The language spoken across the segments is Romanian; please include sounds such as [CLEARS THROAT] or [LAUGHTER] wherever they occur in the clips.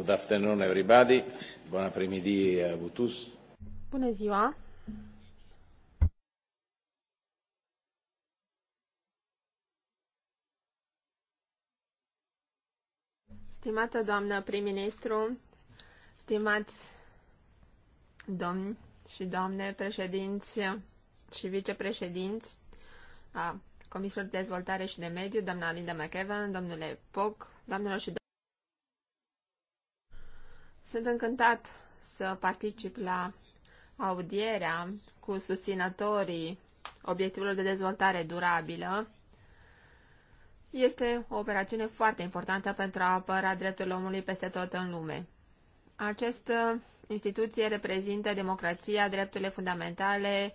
Good afternoon, everybody. bună après Bună ziua. Stimată doamnă prim-ministru, stimați domni și doamne președinți și vicepreședinți a Comisiei de Dezvoltare și de Mediu, doamna Linda McEwan, domnule Poc, doamnelor și sunt încântat să particip la audierea cu susținătorii obiectivelor de dezvoltare durabilă. Este o operațiune foarte importantă pentru a apăra drepturile omului peste tot în lume. Această instituție reprezintă democrația, drepturile fundamentale,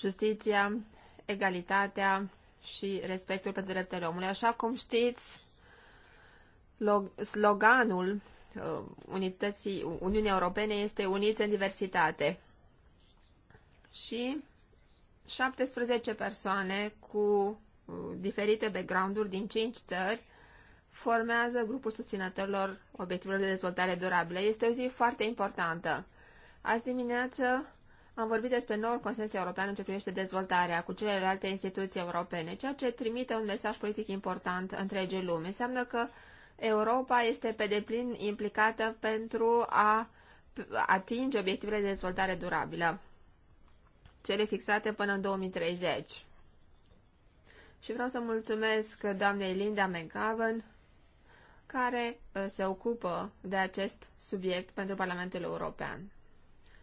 justiția, egalitatea și respectul pentru drepturile omului. Așa cum știți, sloganul Uh, unității, Uniunii Europene este unită în diversitate. Și 17 persoane cu uh, diferite background-uri din 5 țări formează grupul susținătorilor obiectivelor de dezvoltare durabilă. Este o zi foarte importantă. Azi dimineață am vorbit despre noul consens european în ce privește dezvoltarea cu celelalte instituții europene, ceea ce trimite un mesaj politic important întregii lumi. Înseamnă că Europa este pe deplin implicată pentru a atinge obiectivele de dezvoltare durabilă, cele fixate până în 2030. Și vreau să mulțumesc doamnei Linda McGavin, care uh, se ocupă de acest subiect pentru Parlamentul European.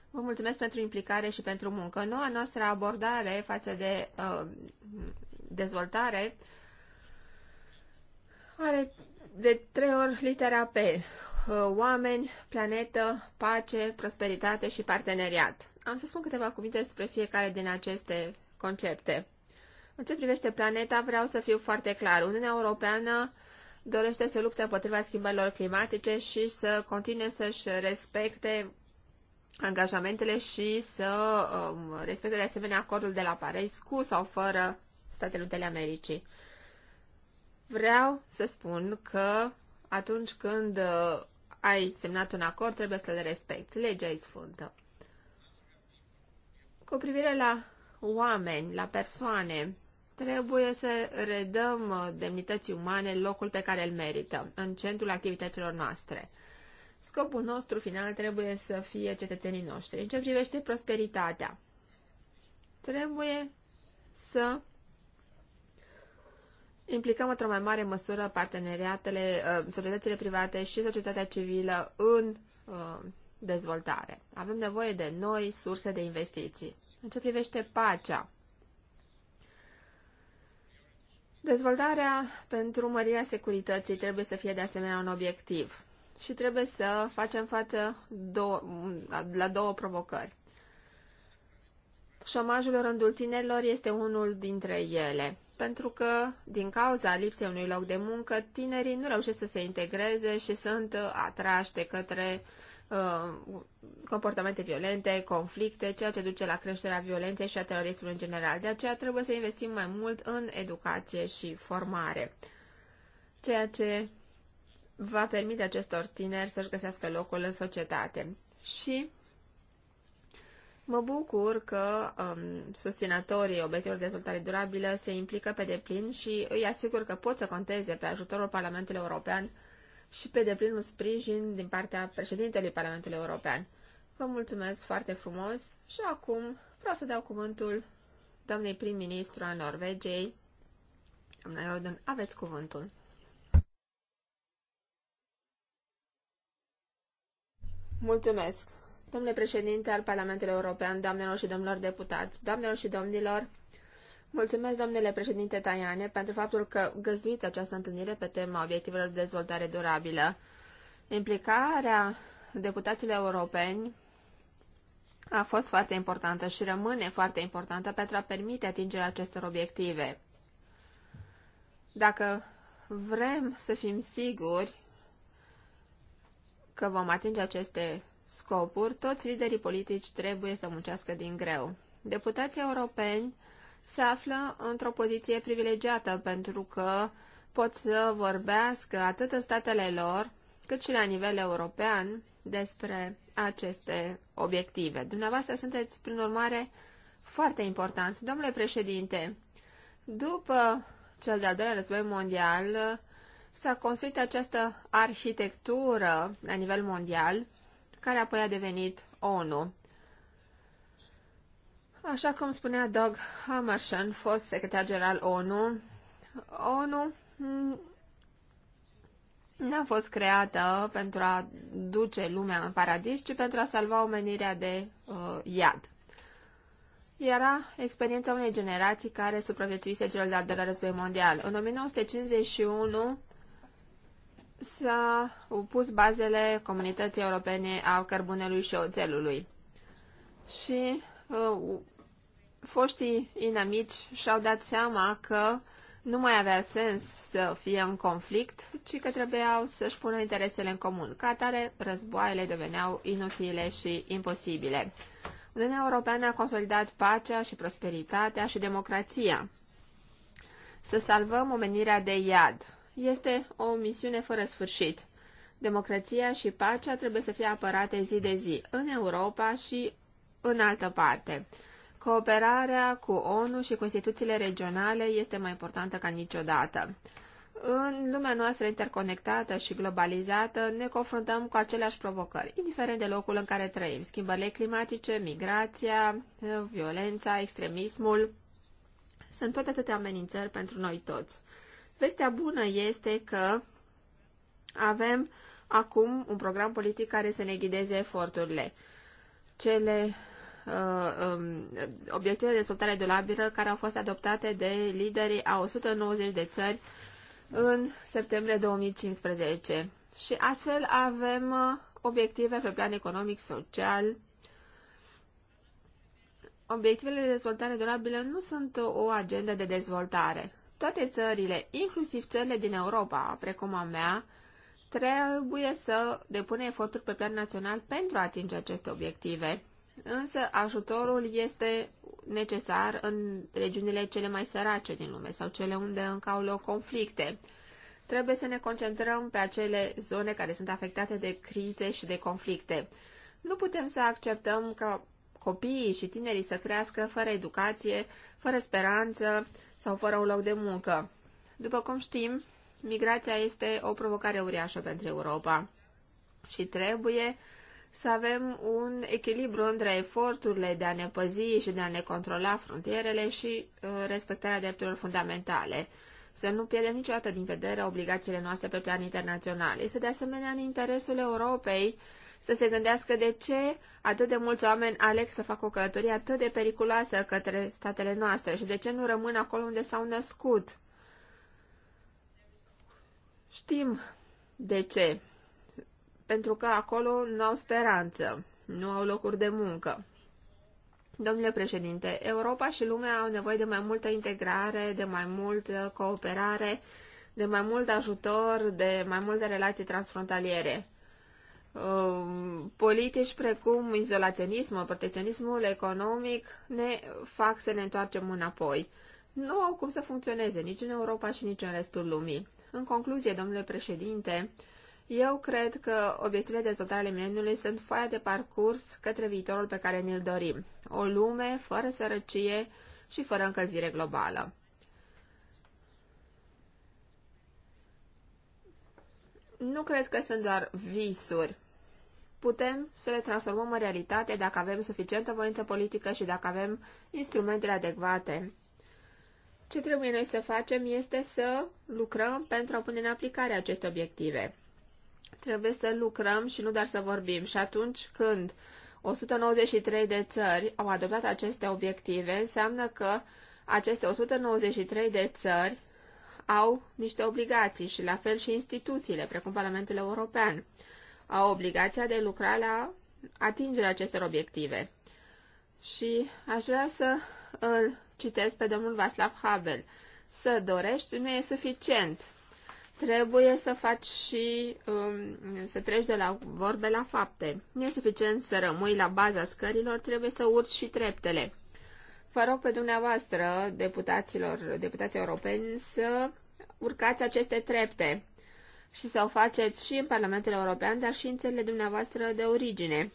Vă mulțumesc pentru implicare și pentru muncă. Noua noastră abordare față de uh, dezvoltare are de trei ori litera P. Oameni, planetă, pace, prosperitate și parteneriat. Am să spun câteva cuvinte despre fiecare din aceste concepte. În ce privește planeta, vreau să fiu foarte clar. Uniunea Europeană dorește să lupte împotriva schimbărilor climatice și să continue să-și respecte angajamentele și să um, respecte de asemenea acordul de la Paris cu sau fără Statele Unite ale Americii. Vreau să spun că atunci când uh, ai semnat un acord, trebuie să-l respecti. Legea e sfântă. Cu privire la oameni, la persoane, trebuie să redăm uh, demnității umane locul pe care îl merită, în centrul activităților noastre. Scopul nostru final trebuie să fie cetățenii noștri. În ce privește prosperitatea, trebuie să implicăm într-o mai mare măsură parteneriatele, uh, societățile private și societatea civilă în uh, dezvoltare. Avem nevoie de noi surse de investiții. În ce privește pacea, dezvoltarea pentru mărirea securității trebuie să fie de asemenea un obiectiv și trebuie să facem față două, la două provocări. Șomajul în rândul tinerilor este unul dintre ele, pentru că, din cauza lipsei unui loc de muncă, tinerii nu reușesc să se integreze și sunt atrași de către uh, comportamente violente, conflicte, ceea ce duce la creșterea violenței și a terorismului în general. De aceea trebuie să investim mai mult în educație și formare, ceea ce va permite acestor tineri să-și găsească locul în societate. Și Mă bucur că um, susținătorii obiectivelor de dezvoltare durabilă se implică pe deplin și îi asigur că pot să conteze pe ajutorul Parlamentului European și pe deplinul sprijin din partea președintelui Parlamentului European. Vă mulțumesc foarte frumos și acum vreau să dau cuvântul doamnei prim-ministru a Norvegiei. Doamna Jordan, aveți cuvântul. Mulțumesc! Domnule președinte al Parlamentului European, doamnelor și domnilor deputați, doamnelor și domnilor, mulțumesc domnule președinte Taiane pentru faptul că găzduiți această întâlnire pe tema obiectivelor de dezvoltare durabilă. Implicarea deputaților europeni a fost foarte importantă și rămâne foarte importantă pentru a permite atingerea acestor obiective. Dacă vrem să fim siguri că vom atinge aceste scopuri, toți liderii politici trebuie să muncească din greu. Deputații europeni se află într-o poziție privilegiată pentru că pot să vorbească atât în statele lor, cât și la nivel european despre aceste obiective. Dumneavoastră sunteți, prin urmare, foarte importanți. Domnule președinte, după cel de-al doilea război mondial, s-a construit această arhitectură la nivel mondial care apoi a devenit ONU. Așa cum spunea Doug Hammarskjöld, fost secretar general ONU, ONU nu a fost creată pentru a duce lumea în paradis, ci pentru a salva omenirea de uh, iad. Era experiența unei generații care supraviețuise celor de-al doilea război mondial. În 1951, s-a pus bazele comunității europene a cărbunelui și oțelului. Și uh, foștii inamici și-au dat seama că nu mai avea sens să fie în conflict, ci că trebuiau să-și pună interesele în comun. Ca atare, războaiele deveneau inutile și imposibile. Uniunea Europeană a consolidat pacea și prosperitatea și democrația. Să salvăm omenirea de iad, este o misiune fără sfârșit. Democrația și pacea trebuie să fie apărate zi de zi, în Europa și în altă parte. Cooperarea cu ONU și cu instituțiile regionale este mai importantă ca niciodată. În lumea noastră interconectată și globalizată ne confruntăm cu aceleași provocări, indiferent de locul în care trăim. Schimbările climatice, migrația, violența, extremismul sunt toate atâtea amenințări pentru noi toți. Vestea bună este că avem acum un program politic care să ne ghideze eforturile. Cele uh, um, obiective de dezvoltare durabilă care au fost adoptate de liderii a 190 de țări în septembrie 2015. Și astfel avem uh, obiective pe plan economic, social. Obiectivele de dezvoltare durabilă nu sunt o agendă de dezvoltare toate țările, inclusiv țările din Europa, precum a mea, trebuie să depună eforturi pe plan național pentru a atinge aceste obiective. Însă ajutorul este necesar în regiunile cele mai sărace din lume sau cele unde încă au loc conflicte. Trebuie să ne concentrăm pe acele zone care sunt afectate de crize și de conflicte. Nu putem să acceptăm că copiii și tinerii să crească fără educație, fără speranță sau fără un loc de muncă. După cum știm, migrația este o provocare uriașă pentru Europa și trebuie să avem un echilibru între eforturile de a ne păzi și de a ne controla frontierele și uh, respectarea drepturilor fundamentale. Să nu pierdem niciodată din vedere obligațiile noastre pe plan internațional. Este de asemenea în interesul Europei să se gândească de ce atât de mulți oameni aleg să facă o călătorie atât de periculoasă către statele noastre și de ce nu rămân acolo unde s-au născut. Știm de ce. Pentru că acolo nu au speranță, nu au locuri de muncă. Domnule președinte, Europa și lumea au nevoie de mai multă integrare, de mai multă uh, cooperare, de mai mult ajutor, de mai multe relații transfrontaliere. Um, politici precum izolaționismul, protecționismul economic ne fac să ne întoarcem înapoi. Nu au cum să funcționeze nici în Europa și nici în restul lumii. În concluzie, domnule președinte, eu cred că obiectivele de dezvoltare ale mileniului sunt foaia de parcurs către viitorul pe care ne-l dorim. O lume fără sărăcie și fără încălzire globală. Nu cred că sunt doar visuri putem să le transformăm în realitate dacă avem suficientă voință politică și dacă avem instrumentele adecvate. Ce trebuie noi să facem este să lucrăm pentru a pune în aplicare aceste obiective. Trebuie să lucrăm și nu doar să vorbim. Și atunci când 193 de țări au adoptat aceste obiective, înseamnă că aceste 193 de țări au niște obligații și la fel și instituțiile, precum Parlamentul European au obligația de lucra la atingerea acestor obiective. Și aș vrea să îl citesc pe domnul Vaslav Havel. Să dorești nu e suficient. Trebuie să faci și um, să treci de la vorbe la fapte. Nu e suficient să rămâi la baza scărilor, trebuie să urci și treptele. Vă rog pe dumneavoastră, deputaților, deputații europeni, să urcați aceste trepte și să o faceți și în Parlamentul European, dar și în țările dumneavoastră de origine,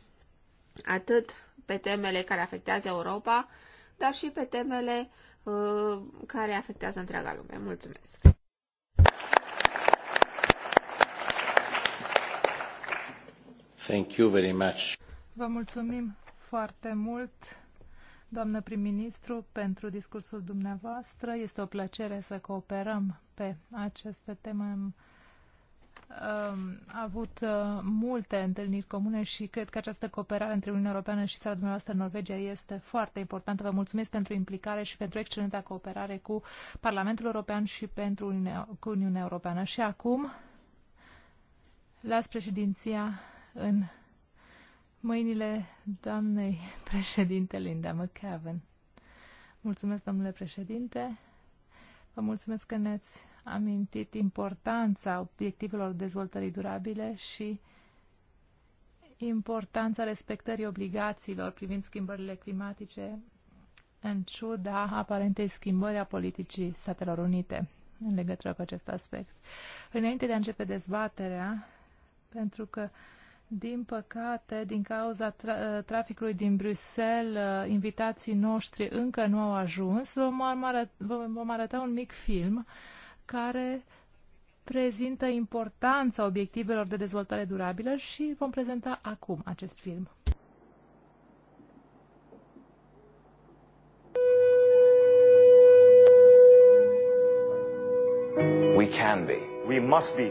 atât pe temele care afectează Europa, dar și pe temele uh, care afectează întreaga lume. Mulțumesc! Thank you very much. Vă mulțumim foarte mult, doamnă prim-ministru, pentru discursul dumneavoastră. Este o plăcere să cooperăm pe aceste teme a avut uh, multe întâlniri comune și cred că această cooperare între Uniunea Europeană și țara dumneavoastră Norvegia este foarte importantă. Vă mulțumesc pentru implicare și pentru excelenta cooperare cu Parlamentul European și pentru Uniunea, cu Uniunea Europeană. Și acum las președinția în mâinile doamnei președinte Linda McCavan. Mulțumesc, domnule președinte. Vă mulțumesc că ne-ați amintit importanța obiectivelor dezvoltării durabile și importanța respectării obligațiilor privind schimbările climatice în ciuda aparentei schimbări a politicii Statelor Unite în legătură cu acest aspect. Înainte de a începe dezbaterea, pentru că din păcate, din cauza tra- ă, traficului din Bruxelles, ă, invitații noștri încă nu au ajuns. Vom arăt vom arăta un mic film uh, care prezintă importanța obiectivelor de dezvoltare durabilă și vom prezenta acum acest film. We can be. We must be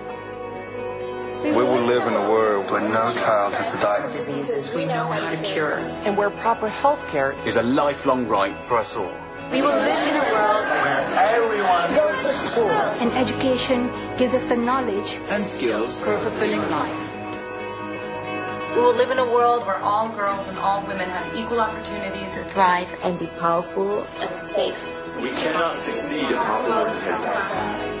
We will live in a world where no child has to die of diseases we know how to cure and where proper health care is a lifelong right for us all. We will live in a world where everyone goes to school and education gives us the knowledge and skills for a fulfilling life. We will live in a world where all girls and all women have equal opportunities to thrive and be powerful and safe. We cannot succeed if half the words hit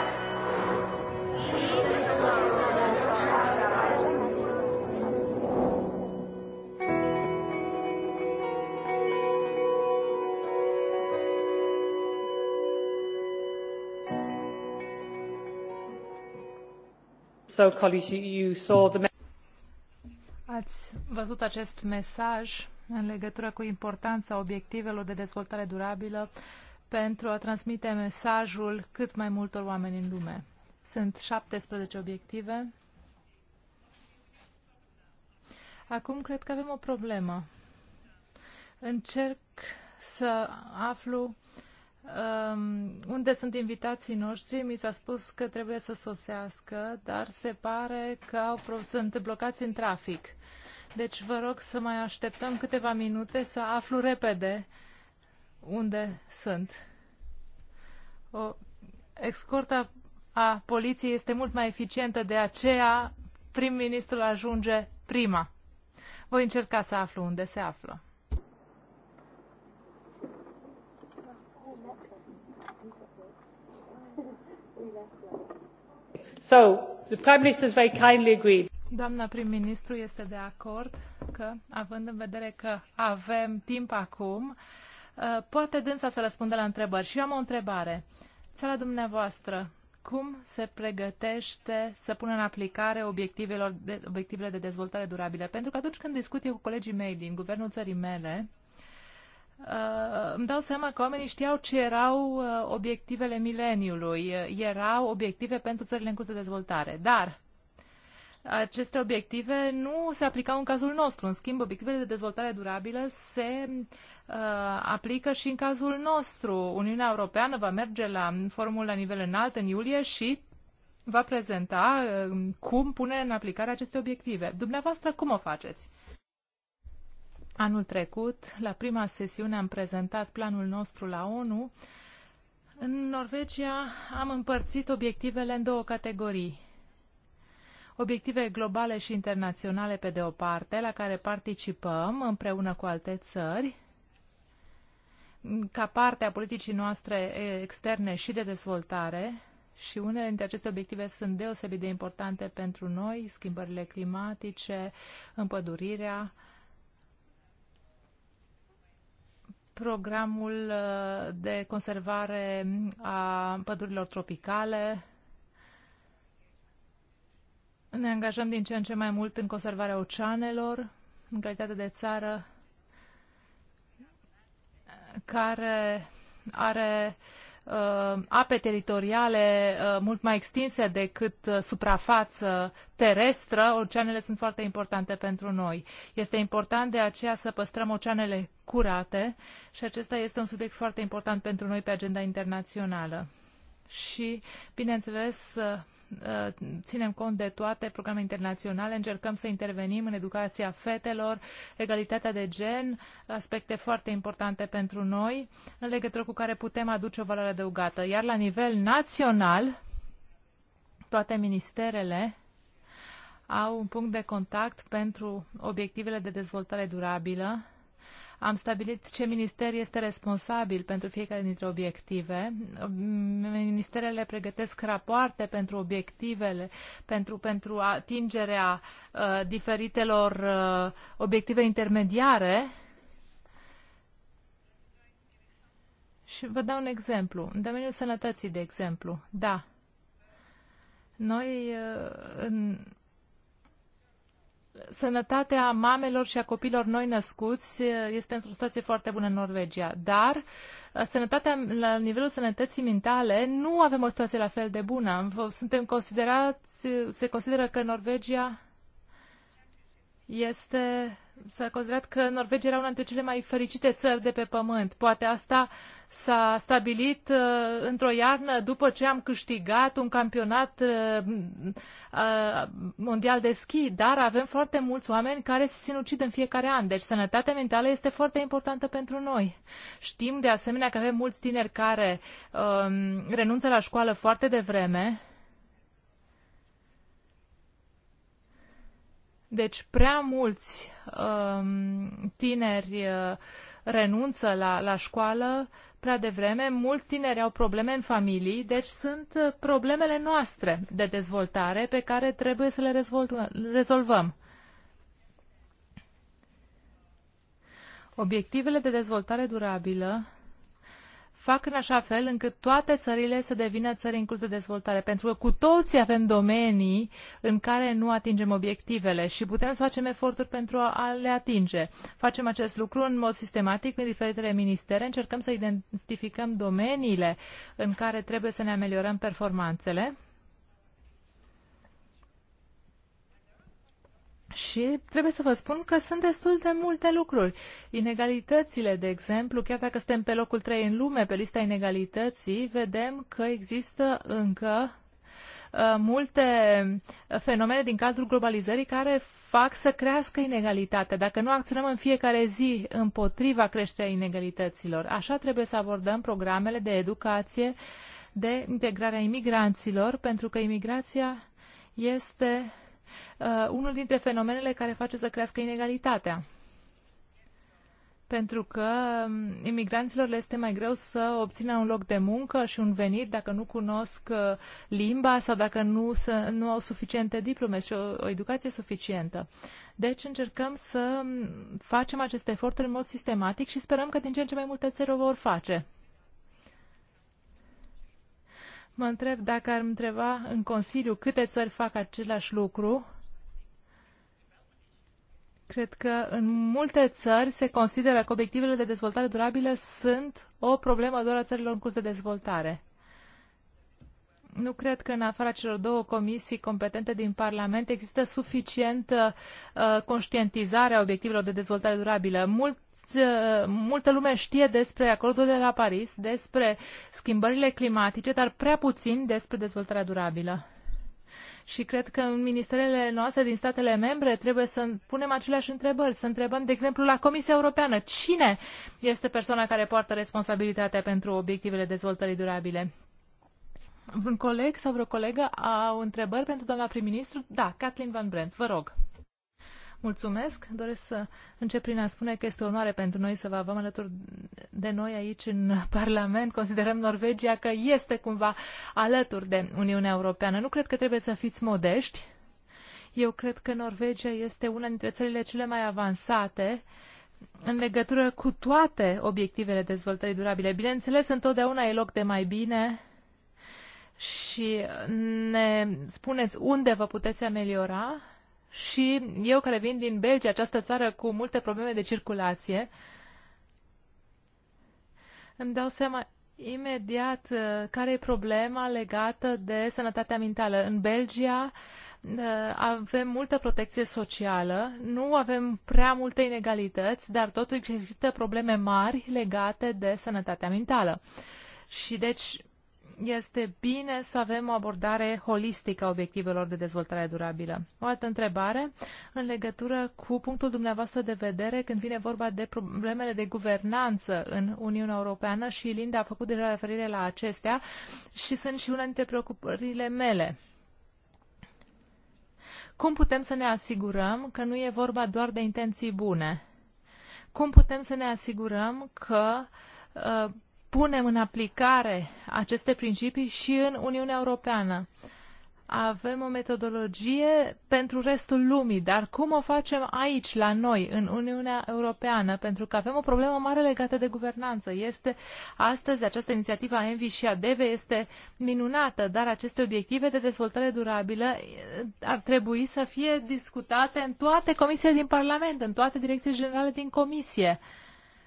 Ați văzut acest mesaj în legătură cu importanța obiectivelor de dezvoltare durabilă pentru a transmite mesajul cât mai multor oameni în lume. Sunt 17 obiective. Acum cred că avem o problemă. Încerc să aflu uh, unde sunt invitații noștri, mi s-a spus că trebuie să sosească, dar se pare că au, sunt blocați în trafic. Deci vă rog să mai așteptăm câteva minute să aflu repede unde sunt. O escorta a poliției este mult mai eficientă, de aceea prim-ministrul ajunge prima. Voi încerca să aflu unde se află. Doamna prim-ministru este de acord că, având în vedere că avem timp acum, uh, poate dânsa să răspundă la întrebări. Și eu am o întrebare. Țara dumneavoastră, cum se pregătește să pună în aplicare obiectivele de dezvoltare durabilă? Pentru că atunci când discut eu cu colegii mei din guvernul țării mele, uh, îmi dau seama că oamenii știau ce erau uh, obiectivele mileniului, erau obiective pentru țările în curs de dezvoltare, dar aceste obiective nu se aplicau în cazul nostru. În schimb, obiectivele de dezvoltare durabilă se uh, aplică și în cazul nostru. Uniunea Europeană va merge la formul la nivel înalt în iulie și va prezenta uh, cum pune în aplicare aceste obiective. Dumneavoastră, cum o faceți? Anul trecut, la prima sesiune, am prezentat planul nostru la ONU. În Norvegia am împărțit obiectivele în două categorii. Obiective globale și internaționale pe de o parte, la care participăm împreună cu alte țări, ca parte a politicii noastre externe și de dezvoltare, și unele dintre aceste obiective sunt deosebit de importante pentru noi, schimbările climatice, împădurirea, uh, programul uh, de conservare a pădurilor tropicale. Ne angajăm din ce în ce mai mult în conservarea oceanelor, în calitate de țară care are uh, ape teritoriale uh, mult mai extinse decât uh, suprafață terestră, oceanele sunt foarte importante pentru noi. Este important de aceea să păstrăm oceanele curate și acesta este un subiect foarte important pentru noi pe agenda internațională și, bineînțeles, uh, ținem cont de toate programele internaționale, încercăm să intervenim în educația fetelor, egalitatea de gen, aspecte foarte importante pentru noi, în legătură cu care putem aduce o valoare adăugată. Iar la nivel național, toate ministerele au un punct de contact pentru obiectivele de dezvoltare durabilă am stabilit ce minister este responsabil pentru fiecare dintre obiective. Ministerele pregătesc rapoarte pentru obiectivele, pentru, pentru atingerea uh, diferitelor uh, obiective intermediare. Și vă dau un exemplu. În domeniul sănătății, de exemplu. Da. Noi uh, în sănătatea mamelor și a copilor noi născuți este într-o situație foarte bună în Norvegia, dar uh, sănătatea, la nivelul sănătății mentale nu avem o situație la fel de bună. Suntem considerați, se consideră că Norvegia este s-a considerat că Norvegia era una dintre cele mai fericite țări de pe pământ. Poate asta s-a stabilit uh, într-o iarnă după ce am câștigat un campionat uh, uh, mondial de schi, dar avem foarte mulți oameni care se sinucid în fiecare an, deci sănătatea mentală este foarte importantă pentru noi. Știm de asemenea că avem mulți tineri care uh, renunță la școală foarte devreme, Deci prea mulți um, tineri uh, renunță la, la școală prea devreme, mulți tineri au probleme în familii, deci sunt uh, problemele noastre de dezvoltare pe care trebuie să le rezolvăm. Obiectivele de dezvoltare durabilă fac în așa fel încât toate țările să devină țări în curs de dezvoltare, pentru că cu toții avem domenii în care nu atingem obiectivele și putem să facem eforturi pentru a le atinge. Facem acest lucru în mod sistematic în diferitele ministere, încercăm să identificăm domeniile în care trebuie să ne ameliorăm performanțele Și trebuie să vă spun că sunt destul de multe lucruri. Inegalitățile, de exemplu, chiar dacă suntem pe locul 3 în lume, pe lista inegalității, vedem că există încă uh, multe fenomene din cadrul globalizării care fac să crească inegalitatea. Dacă nu acționăm în fiecare zi împotriva creșterii inegalităților, așa trebuie să abordăm programele de educație, de integrarea imigranților, pentru că imigrația este uh, unul dintre fenomenele care face să crească inegalitatea. Pentru că um, imigranților le este mai greu să obțină un loc de muncă și un venit dacă nu cunosc uh, limba sau dacă nu, să, nu au suficiente diplome și o, o educație suficientă. Deci încercăm să um, facem acest efort în mod sistematic și sperăm că din ce în ce mai multe țări o vor face. Mă întreb dacă ar întreba în Consiliu câte țări fac același lucru. Cred că în multe țări se consideră că obiectivele de dezvoltare durabilă sunt o problemă doar a țărilor în curs de dezvoltare nu cred că în afara celor două comisii competente din Parlament există suficientă uh, uh, conștientizare a obiectivelor de dezvoltare durabilă. Mulți, uh, multă lume știe despre acordul de la Paris, despre schimbările climatice, dar prea puțin despre dezvoltarea durabilă. Și cred că în ministerele noastre din statele membre trebuie să punem aceleași întrebări, să întrebăm, de exemplu, la Comisia Europeană, cine este persoana care poartă responsabilitatea pentru obiectivele dezvoltării durabile? Un coleg sau vreo colegă au întrebări pentru doamna prim-ministru? Da, Kathleen Van Brent, vă rog. Mulțumesc. Doresc să încep prin a spune că este o onoare pentru noi să vă avem alături de noi aici în Parlament. Considerăm Norvegia că este cumva alături de Uniunea Europeană. Nu cred că trebuie să fiți modești. Eu cred că Norvegia este una dintre țările cele mai avansate în legătură cu toate obiectivele dezvoltării durabile. Bineînțeles, întotdeauna e loc de mai bine și ne spuneți unde vă puteți ameliora și eu care vin din Belgia, această țară cu multe probleme de circulație, îmi dau seama imediat uh, care e problema legată de sănătatea mentală. În Belgia uh, avem multă protecție socială, nu avem prea multe inegalități, dar totuși există probleme mari legate de sănătatea mentală. Și deci este bine să avem o abordare holistică a obiectivelor de dezvoltare durabilă. O altă întrebare în legătură cu punctul dumneavoastră de vedere când vine vorba de problemele de guvernanță în Uniunea Europeană și Linda a făcut deja referire la acestea și sunt și una dintre preocupările mele. Cum putem să ne asigurăm că nu e vorba doar de intenții bune? Cum putem să ne asigurăm că uh, punem în aplicare aceste principii și în Uniunea Europeană. Avem o metodologie pentru restul lumii, dar cum o facem aici, la noi, în Uniunea Europeană? Pentru că avem o problemă mare legată de guvernanță. Este astăzi această inițiativă a Envi și a DEVE este minunată, dar aceste obiective de dezvoltare durabilă eh, ar trebui să fie discutate în toate comisiile din Parlament, în toate direcțiile generale din Comisie. Uh,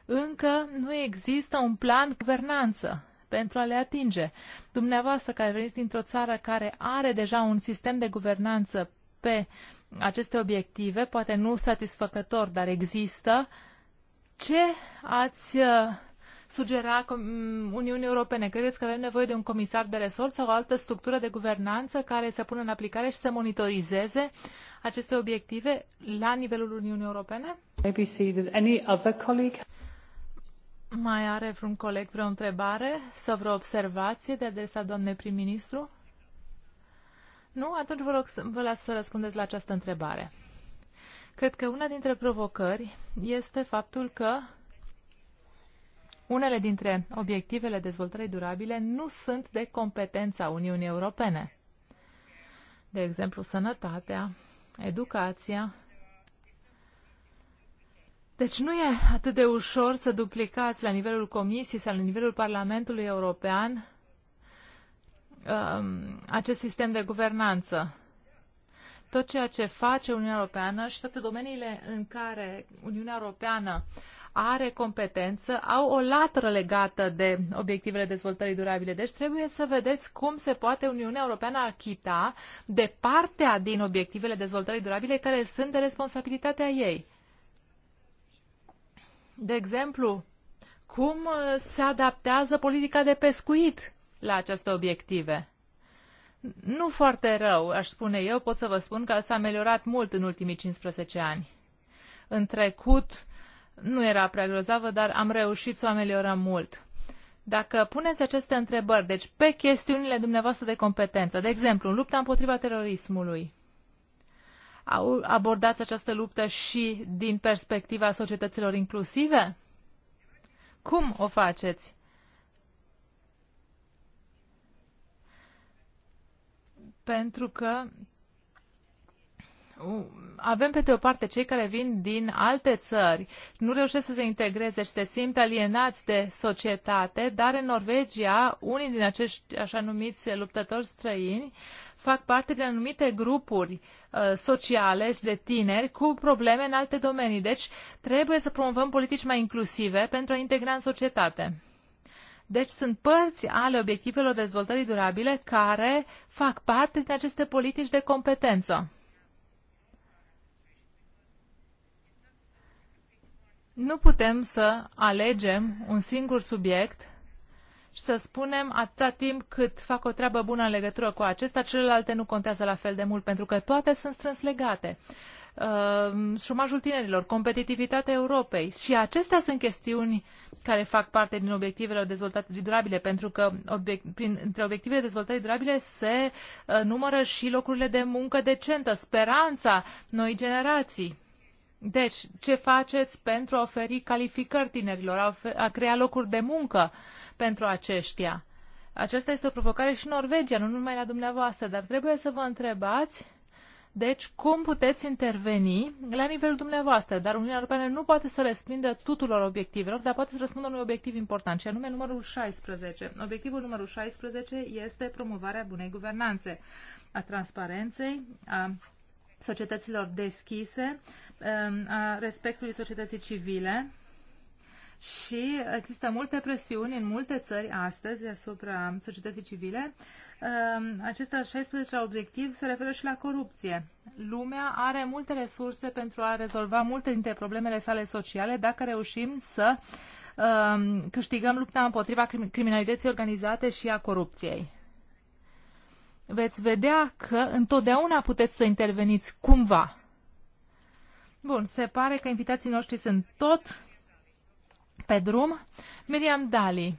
încă nu există un plan de guvernanță pentru a le atinge. Dumneavoastră care veniți dintr-o țară care are deja un sistem de guvernanță pe aceste obiective, poate nu satisfăcător, dar există, ce ați uh, sugera Uniunii Europene? Credeți că avem nevoie de un comisar de resort sau o altă structură de guvernanță care să pună în aplicare și să monitorizeze aceste obiective la nivelul Uniunii Europene? any other colleague... Mai are vreun coleg vreo întrebare sau vreo observație de adresa doamnei prim-ministru? Nu? Atunci vă rog să vă las să răspundeți la această întrebare. Cred că una dintre provocări este faptul că unele dintre obiectivele dezvoltării durabile nu sunt de competența Uniunii Europene. De exemplu, sănătatea, educația, deci nu e atât de ușor să duplicați la nivelul Comisiei sau la nivelul Parlamentului European um, acest sistem de guvernanță. Tot ceea ce face Uniunea Europeană și toate domeniile în care Uniunea Europeană are competență, au o latră legată de obiectivele dezvoltării durabile. Deci trebuie să vedeți cum se poate Uniunea Europeană achita de partea din obiectivele dezvoltării durabile care sunt de responsabilitatea ei de exemplu, cum uh, se adaptează politica de pescuit la aceste obiective. Nu foarte rău, aș spune eu, pot să vă spun că s-a ameliorat mult în ultimii 15 ani. În trecut nu era prea grozavă, dar am reușit să o ameliorăm mult. Dacă puneți aceste întrebări, deci pe chestiunile dumneavoastră de competență, de exemplu, în lupta împotriva terorismului, abordați această luptă și din perspectiva societăților inclusive? Cum o faceți? Pentru că avem pe de o parte cei care vin din alte țări, nu reușesc să se integreze și se simt alienați de societate, dar în Norvegia unii din acești așa numiți luptători străini fac parte din anumite grupuri uh, sociale și de tineri cu probleme în alte domenii. Deci trebuie să promovăm politici mai inclusive pentru a integra în societate. Deci sunt părți ale obiectivelor dezvoltării durabile care fac parte din aceste politici de competență. Nu putem să alegem un singur subiect și să spunem atâta timp cât fac o treabă bună în legătură cu acesta, celelalte nu contează la fel de mult, pentru că toate sunt strâns legate. Uh, șomajul tinerilor, competitivitatea Europei și acestea sunt chestiuni care fac parte din obiectivele dezvoltate durabile, pentru că obiect, prin, între obiectivele dezvoltate durabile se uh, numără și locurile de muncă decentă, speranța noi generații. Deci, ce faceți pentru a oferi calificări tinerilor, a, a crea locuri de muncă pentru aceștia? Aceasta este o provocare și în Norvegia, nu numai la dumneavoastră, dar trebuie să vă întrebați, deci, cum puteți interveni la nivelul dumneavoastră. Dar Uniunea Europeană nu poate să răspundă tuturor obiectivelor, dar poate să răspundă unui obiectiv important, și anume numărul 16. Obiectivul numărul 16 este promovarea bunei guvernanțe, a transparenței, a societăților deschise, um, a respectului societății civile și există multe presiuni în multe țări astăzi asupra societății civile. Um, acest al 16-lea obiectiv se referă și la corupție. Lumea are multe resurse pentru a rezolva multe dintre problemele sale sociale dacă reușim să um, câștigăm lupta împotriva criminalității organizate și a corupției veți vedea că întotdeauna puteți să interveniți cumva. Bun, se pare că invitații noștri sunt tot pe drum. Miriam Dali,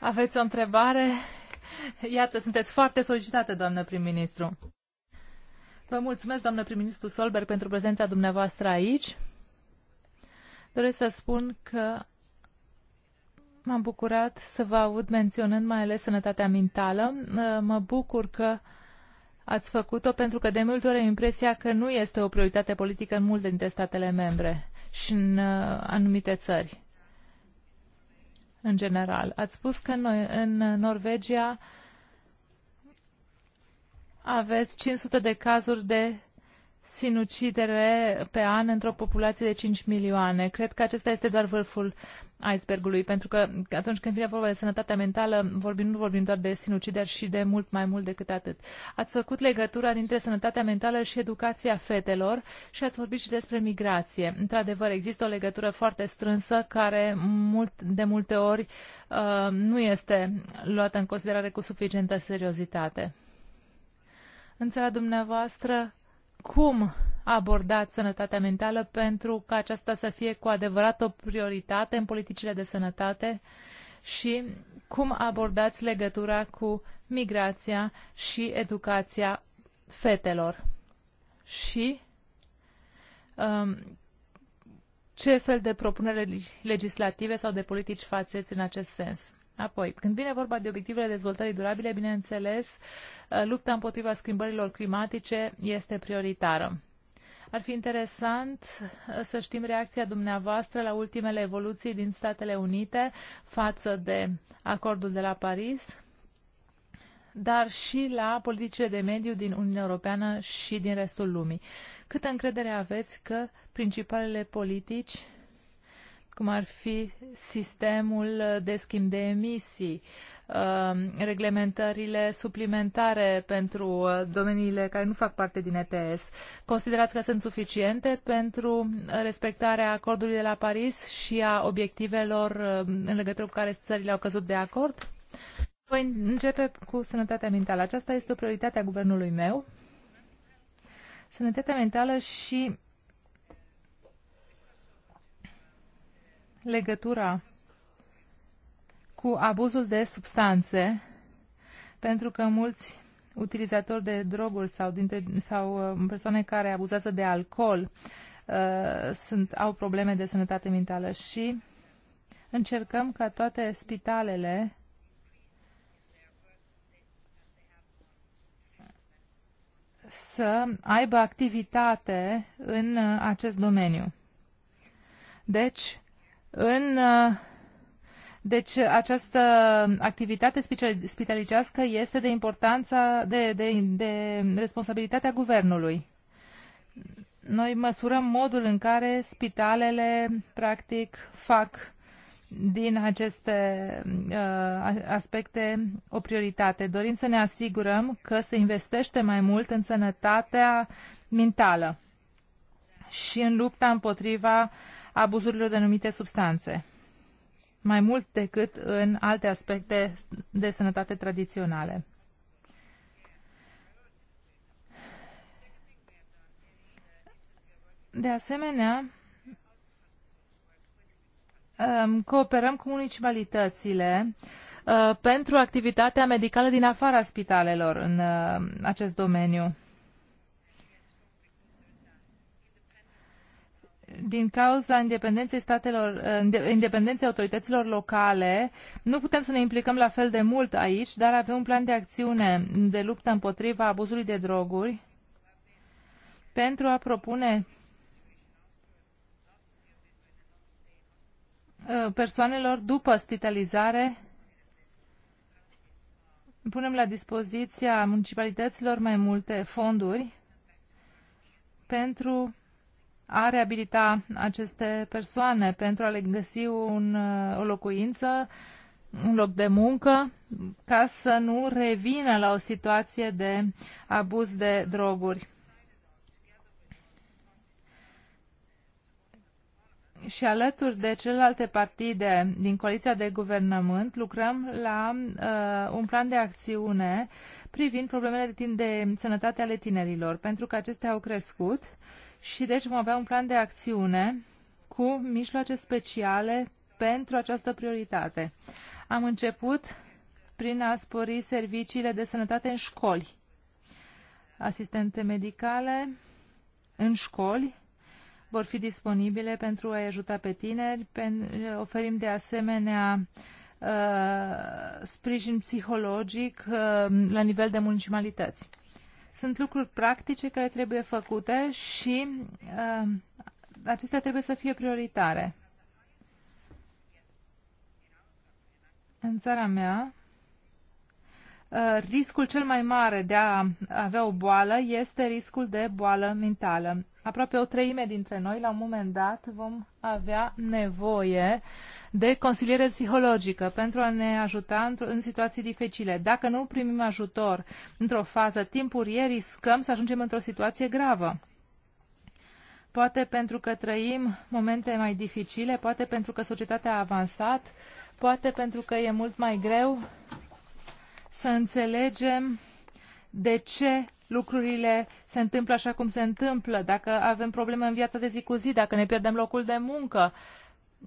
aveți o întrebare? Iată, sunteți foarte solicitate, doamnă prim-ministru. Vă mulțumesc, doamnă prim-ministru Solberg, pentru prezența dumneavoastră aici. Doresc să spun că M-am bucurat să vă aud menționând mai ales sănătatea mentală. Mă bucur că ați făcut-o pentru că de multe ori impresia că nu este o prioritate politică în multe dintre statele membre și în uh, anumite țări în general. Ați spus că noi, în Norvegia aveți 500 de cazuri de sinucidere pe an într-o populație de 5 milioane. Cred că acesta este doar vârful icebergului, pentru că atunci când vine vorba de sănătatea mentală, vorbim, nu vorbim doar de sinucideri și de mult mai mult decât atât. Ați făcut legătura dintre sănătatea mentală și educația fetelor și ați vorbit și despre migrație. Într-adevăr, există o legătură foarte strânsă care mult, de multe ori uh, nu este luată în considerare cu suficientă seriozitate. În țara dumneavoastră, cum abordați sănătatea mentală pentru ca aceasta să fie cu adevărat o prioritate în politicile de sănătate și cum abordați legătura cu migrația și educația fetelor și um, ce fel de propuneri legislative sau de politici faceți în acest sens. Apoi, când vine vorba de obiectivele dezvoltării durabile, bineînțeles, ă, lupta împotriva schimbărilor climatice este prioritară. Ar fi interesant ă, să știm reacția dumneavoastră la ultimele evoluții din Statele Unite față de acordul de la Paris, dar și la politicile de mediu din Uniunea Europeană și din restul lumii. Câtă încredere aveți că principalele politici cum ar fi sistemul de schimb de emisii, um, reglementările suplimentare pentru uh, domeniile care nu fac parte din ETS. Considerați că sunt suficiente pentru respectarea acordului de la Paris și a obiectivelor um, în legătură cu care țările au căzut de acord? Voi începe cu sănătatea mentală. Aceasta este o prioritate a guvernului meu. Sănătatea mentală și legătura cu abuzul de substanțe, pentru că mulți utilizatori de droguri sau, dintre, sau uh, persoane care abuzează de alcool uh, sunt, au probleme de sănătate mentală și încercăm ca toate spitalele să aibă activitate în uh, acest domeniu. Deci, în uh, deci această activitate spitalicească este de importanța, de, de, de responsabilitatea guvernului. Noi măsurăm modul în care spitalele, practic, fac din aceste uh, aspecte o prioritate. Dorim să ne asigurăm că se investește mai mult în sănătatea mentală și în lupta împotriva uh, abuzurilor de anumite substanțe, mai mult decât în alte aspecte de sănătate tradiționale. De asemenea, um, cooperăm cu municipalitățile uh, pentru activitatea medicală din afara spitalelor în uh, acest domeniu. din cauza independenței statelor, uh, independenței autorităților locale, nu putem să ne implicăm la fel de mult aici, dar avem un plan de acțiune de luptă împotriva abuzului de droguri pentru a propune uh, persoanelor după spitalizare punem la dispoziția municipalităților mai multe fonduri pentru a reabilita aceste persoane pentru a le găsi un, uh, o locuință, un loc de muncă, ca să nu revină la o situație de abuz de droguri. și alături de celelalte partide din coaliția de guvernământ lucrăm la uh, un plan de acțiune privind problemele de, de sănătate ale tinerilor, pentru că acestea au crescut și deci vom avea un plan de acțiune cu mijloace speciale pentru această prioritate. Am început prin a spori serviciile de sănătate în școli, asistente medicale în școli, vor fi disponibile pentru a-i ajuta pe tineri. Oferim de asemenea uh, sprijin psihologic uh, la nivel de municipalități. Sunt lucruri practice care trebuie făcute și uh, acestea trebuie să fie prioritare. În țara mea, uh, riscul cel mai mare de a avea o boală este riscul de boală mentală aproape o treime dintre noi, la un moment dat, vom avea nevoie de consiliere psihologică pentru a ne ajuta în situații dificile. Dacă nu primim ajutor într-o fază timpurie, riscăm să ajungem într-o situație gravă. Poate pentru că trăim momente mai dificile, poate pentru că societatea a avansat, poate pentru că e mult mai greu să înțelegem de ce lucrurile se întâmplă așa cum se întâmplă, dacă avem probleme în viața de zi cu zi, dacă ne pierdem locul de muncă.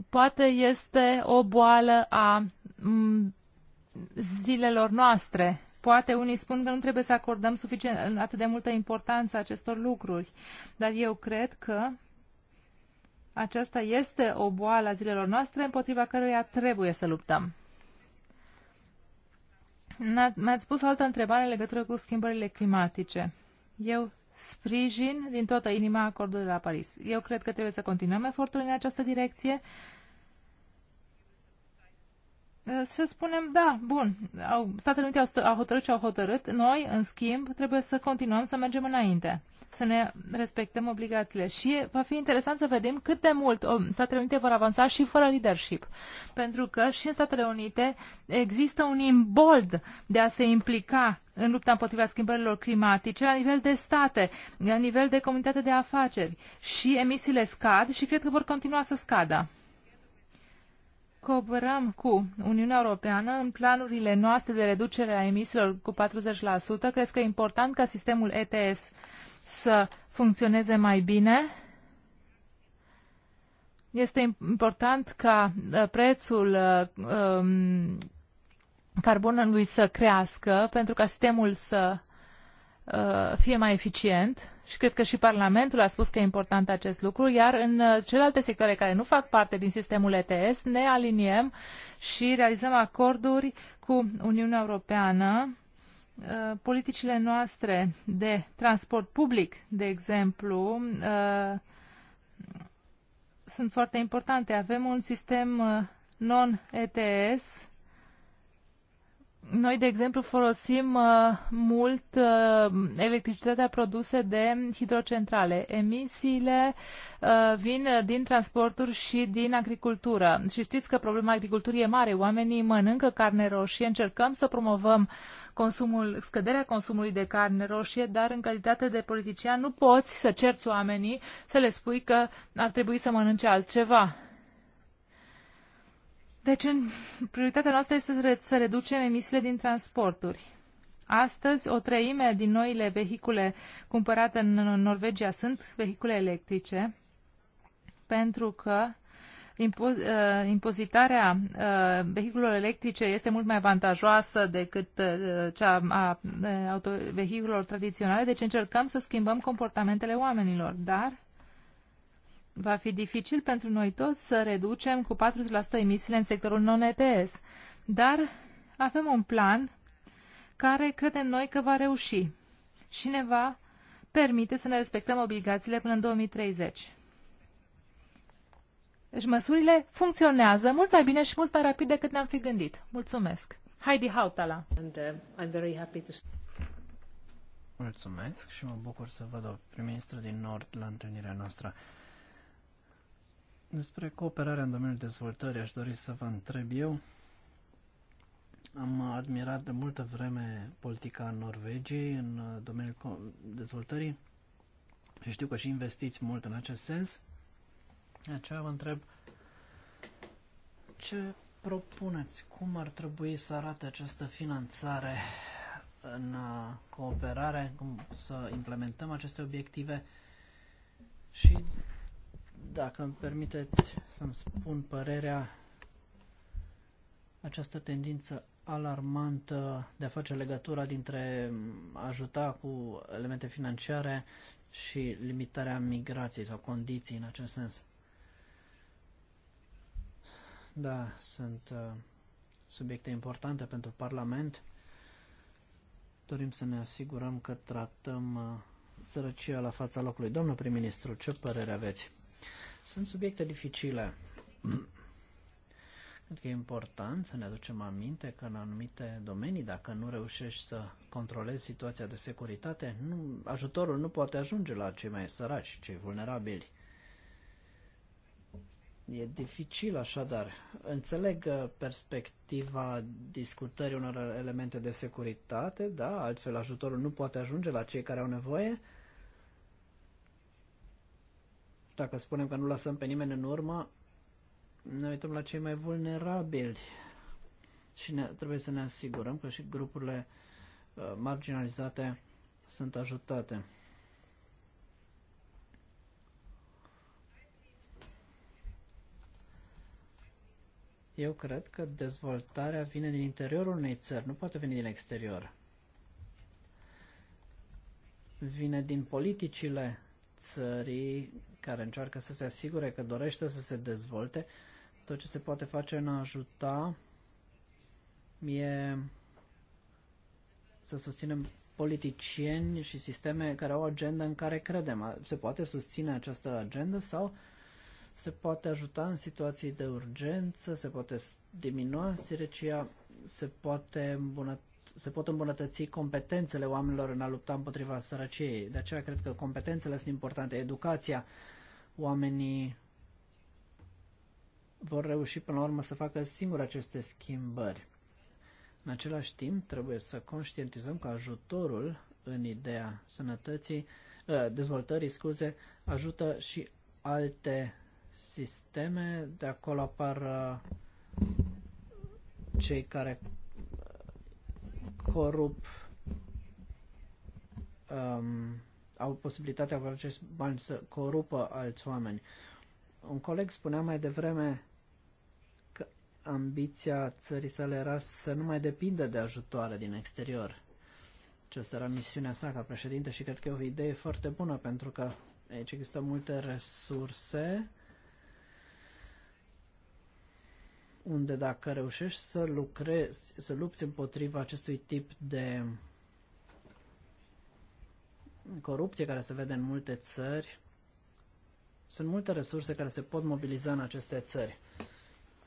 Poate este o boală a mm, zilelor noastre. Poate unii spun că nu trebuie să acordăm suficient, atât de multă importanță acestor lucruri, dar eu cred că aceasta este o boală a zilelor noastre împotriva căruia trebuie să luptăm. Mi-ați spus o altă întrebare în legătură cu schimbările climatice. Eu sprijin din toată inima acordul de la Paris. Eu cred că trebuie să continuăm efortul în această direcție. Să spunem, da, bun, au, Statele Unite au, au hotărât ce au hotărât, noi, în schimb, trebuie să continuăm să mergem înainte să ne respectăm obligațiile. Și va fi interesant să vedem cât de mult um, Statele Unite vor avansa și fără leadership. Pentru că și în Statele Unite există un imbold de a se implica în lupta împotriva schimbărilor climatice la nivel de state, la nivel de comunitate de afaceri. Și emisiile scad și cred că vor continua să scadă cooperăm cu Uniunea Europeană în planurile noastre de reducere a emisiilor cu 40%. Cred că e important ca sistemul ETS să funcționeze mai bine. Este important ca uh, prețul uh, um, carbonului să crească pentru ca sistemul să uh, fie mai eficient și cred că și Parlamentul a spus că e important acest lucru, iar în celelalte sectoare care nu fac parte din sistemul ETS ne aliniem și realizăm acorduri cu Uniunea Europeană Uh, politicile noastre de transport public, de exemplu, uh, sunt foarte importante. Avem un sistem uh, non-ETS. Noi, de exemplu, folosim mult electricitatea produse de hidrocentrale. Emisiile vin din transporturi și din agricultură. Și știți că problema agriculturii e mare. Oamenii mănâncă carne roșie. Încercăm să promovăm consumul, scăderea consumului de carne roșie, dar în calitate de politician nu poți să cerți oamenii să le spui că ar trebui să mănânce altceva. Deci, în, prioritatea noastră este să, să reducem emisiile din transporturi. Astăzi, o treime din noile vehicule cumpărate în Norvegia sunt vehicule electrice, pentru că Uh, impozitarea uh, vehiculelor electrice este mult mai avantajoasă decât uh, cea a vehiculelor tradiționale, deci încercăm să schimbăm comportamentele oamenilor, dar va fi dificil pentru noi toți să reducem cu 40% emisiile în sectorul non-ETS. Dar avem un plan care credem noi că va reuși și ne va permite să ne respectăm obligațiile până în 2030. Deci măsurile funcționează mult mai bine și mult mai rapid decât ne-am fi gândit. Mulțumesc. Heidi Hautala. And, uh, I'm very happy to... Mulțumesc și mă bucur să văd o prim-ministru din Nord la întâlnirea noastră. Despre cooperarea în domeniul dezvoltării aș dori să vă întreb eu. Am admirat de multă vreme politica Norvegiei în domeniul dezvoltării și știu că și investiți mult în acest sens aceea vă întreb ce propuneți, cum ar trebui să arate această finanțare în uh, cooperare, cum să implementăm aceste obiective și dacă îmi permiteți să-mi spun părerea, această tendință alarmantă de a face legătura dintre ajuta cu elemente financiare și limitarea migrației sau condiții în acest sens. Da, sunt uh, subiecte importante pentru Parlament. Dorim să ne asigurăm că tratăm uh, sărăcia la fața locului. Domnul prim-ministru, ce părere aveți? Sunt subiecte dificile. [CLEARS THROAT] Cred că e important să ne aducem aminte că în anumite domenii, dacă nu reușești să controlezi situația de securitate, nu, ajutorul nu poate ajunge la cei mai săraci, cei vulnerabili. E dificil așadar. Înțeleg uh, perspectiva discutării unor elemente de securitate, da, altfel ajutorul nu poate ajunge la cei care au nevoie. Dacă spunem că nu lăsăm pe nimeni în urmă, ne uităm la cei mai vulnerabili și ne, trebuie să ne asigurăm că și grupurile uh, marginalizate sunt ajutate. Eu cred că dezvoltarea vine din interiorul unei țări, nu poate veni din exterior. Vine din politicile țării care încearcă să se asigure că dorește să se dezvolte. Tot ce se poate face în a ajuta e să susținem politicieni și sisteme care au o agendă în care credem. Se poate susține această agendă sau se poate ajuta în situații de urgență, se poate diminua sărăcia, se, poate îmbunăt- se pot îmbunătăți competențele oamenilor în a lupta împotriva sărăciei. De aceea cred că competențele sunt importante. Educația, oamenii vor reuși până la urmă să facă singur aceste schimbări. În același timp, trebuie să conștientizăm că ajutorul în ideea sănătății, ă, dezvoltării, scuze, ajută și alte sisteme, de acolo apar uh, cei care corup um, au posibilitatea cu acești bani să corupă alți oameni. Un coleg spunea mai devreme că ambiția țării sale era să nu mai depindă de ajutoare din exterior. Aceasta era misiunea sa ca președinte și cred că e o idee foarte bună pentru că aici există multe resurse unde dacă reușești să lucrezi, să lupți împotriva acestui tip de corupție care se vede în multe țări, sunt multe resurse care se pot mobiliza în aceste țări.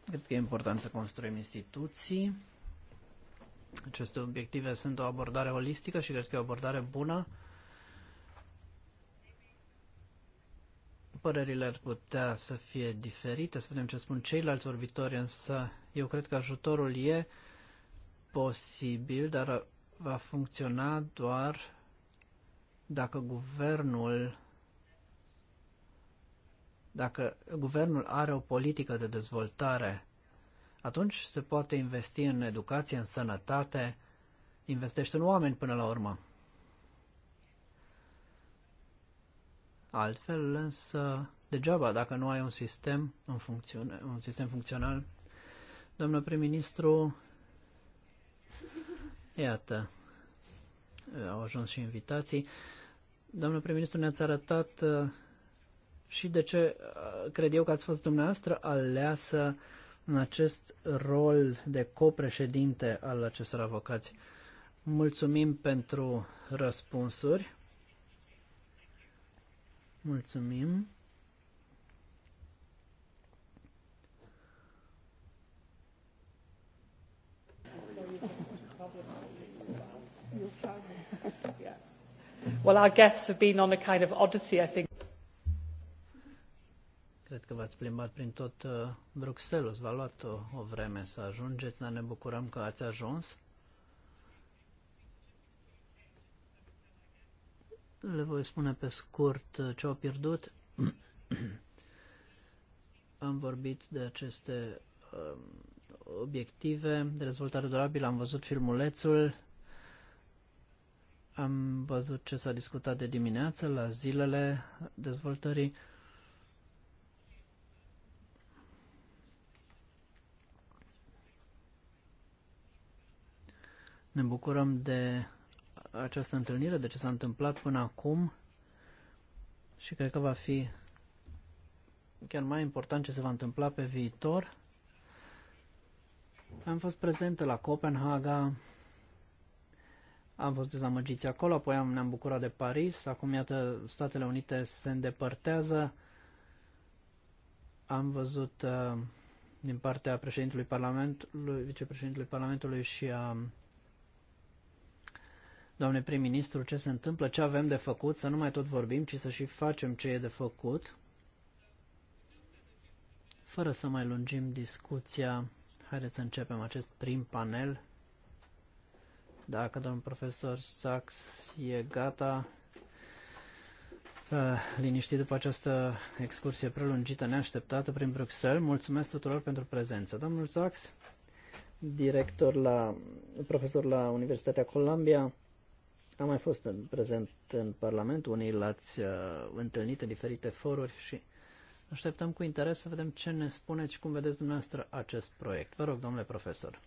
Cred că e important să construim instituții. Aceste obiective sunt o abordare holistică și cred că e o abordare bună. părerile ar putea să fie diferite, să vedem ce spun ceilalți orbitori, însă eu cred că ajutorul e posibil, dar va funcționa doar dacă guvernul dacă guvernul are o politică de dezvoltare, atunci se poate investi în educație, în sănătate, investește în oameni până la urmă. Altfel, însă, degeaba dacă nu ai un sistem în funcțiune, un sistem funcțional. Domnul prim-ministru, iată, au ajuns și invitații. Domnul prim-ministru ne-ați arătat uh, și de ce uh, cred eu că ați fost dumneavoastră aleasă în acest rol de copreședinte al acestor avocați. Mulțumim pentru răspunsuri. Mulțumim. Well, our guests have been on a kind of odyssey, I think. Cred că v-ați plimbat prin tot uh, Bruxelles, v-a luat o, o vreme să ajungeți, dar ne bucurăm că ați ajuns. le voi spune pe scurt uh, ce au pierdut. [CLEARS THROAT] am vorbit de aceste um, obiective de dezvoltare durabilă, am văzut filmulețul, am văzut ce s-a discutat de dimineață la zilele dezvoltării. Ne bucurăm de această întâlnire, de ce s-a întâmplat până acum și cred că va fi chiar mai important ce se va întâmpla pe viitor. Am fost prezentă la Copenhaga, am fost dezamăgiți acolo, apoi am, ne-am bucurat de Paris, acum iată Statele Unite se îndepărtează. Am văzut uh, din partea președintelui Parlamentului, vicepreședintelui Parlamentului și a Doamne prim-ministru, ce se întâmplă, ce avem de făcut, să nu mai tot vorbim, ci să și facem ce e de făcut. Fără să mai lungim discuția, haideți să începem acest prim panel. Dacă domnul profesor Sachs e gata, să liniști după această excursie prelungită, neașteptată prin Bruxelles. Mulțumesc tuturor pentru prezență. Domnul Sachs, director la, profesor la Universitatea Columbia, am mai fost în, prezent în Parlament, unii l-ați uh, întâlnit în diferite foruri și așteptăm cu interes să vedem ce ne spuneți și cum vedeți dumneavoastră acest proiect. Vă rog, domnule profesor.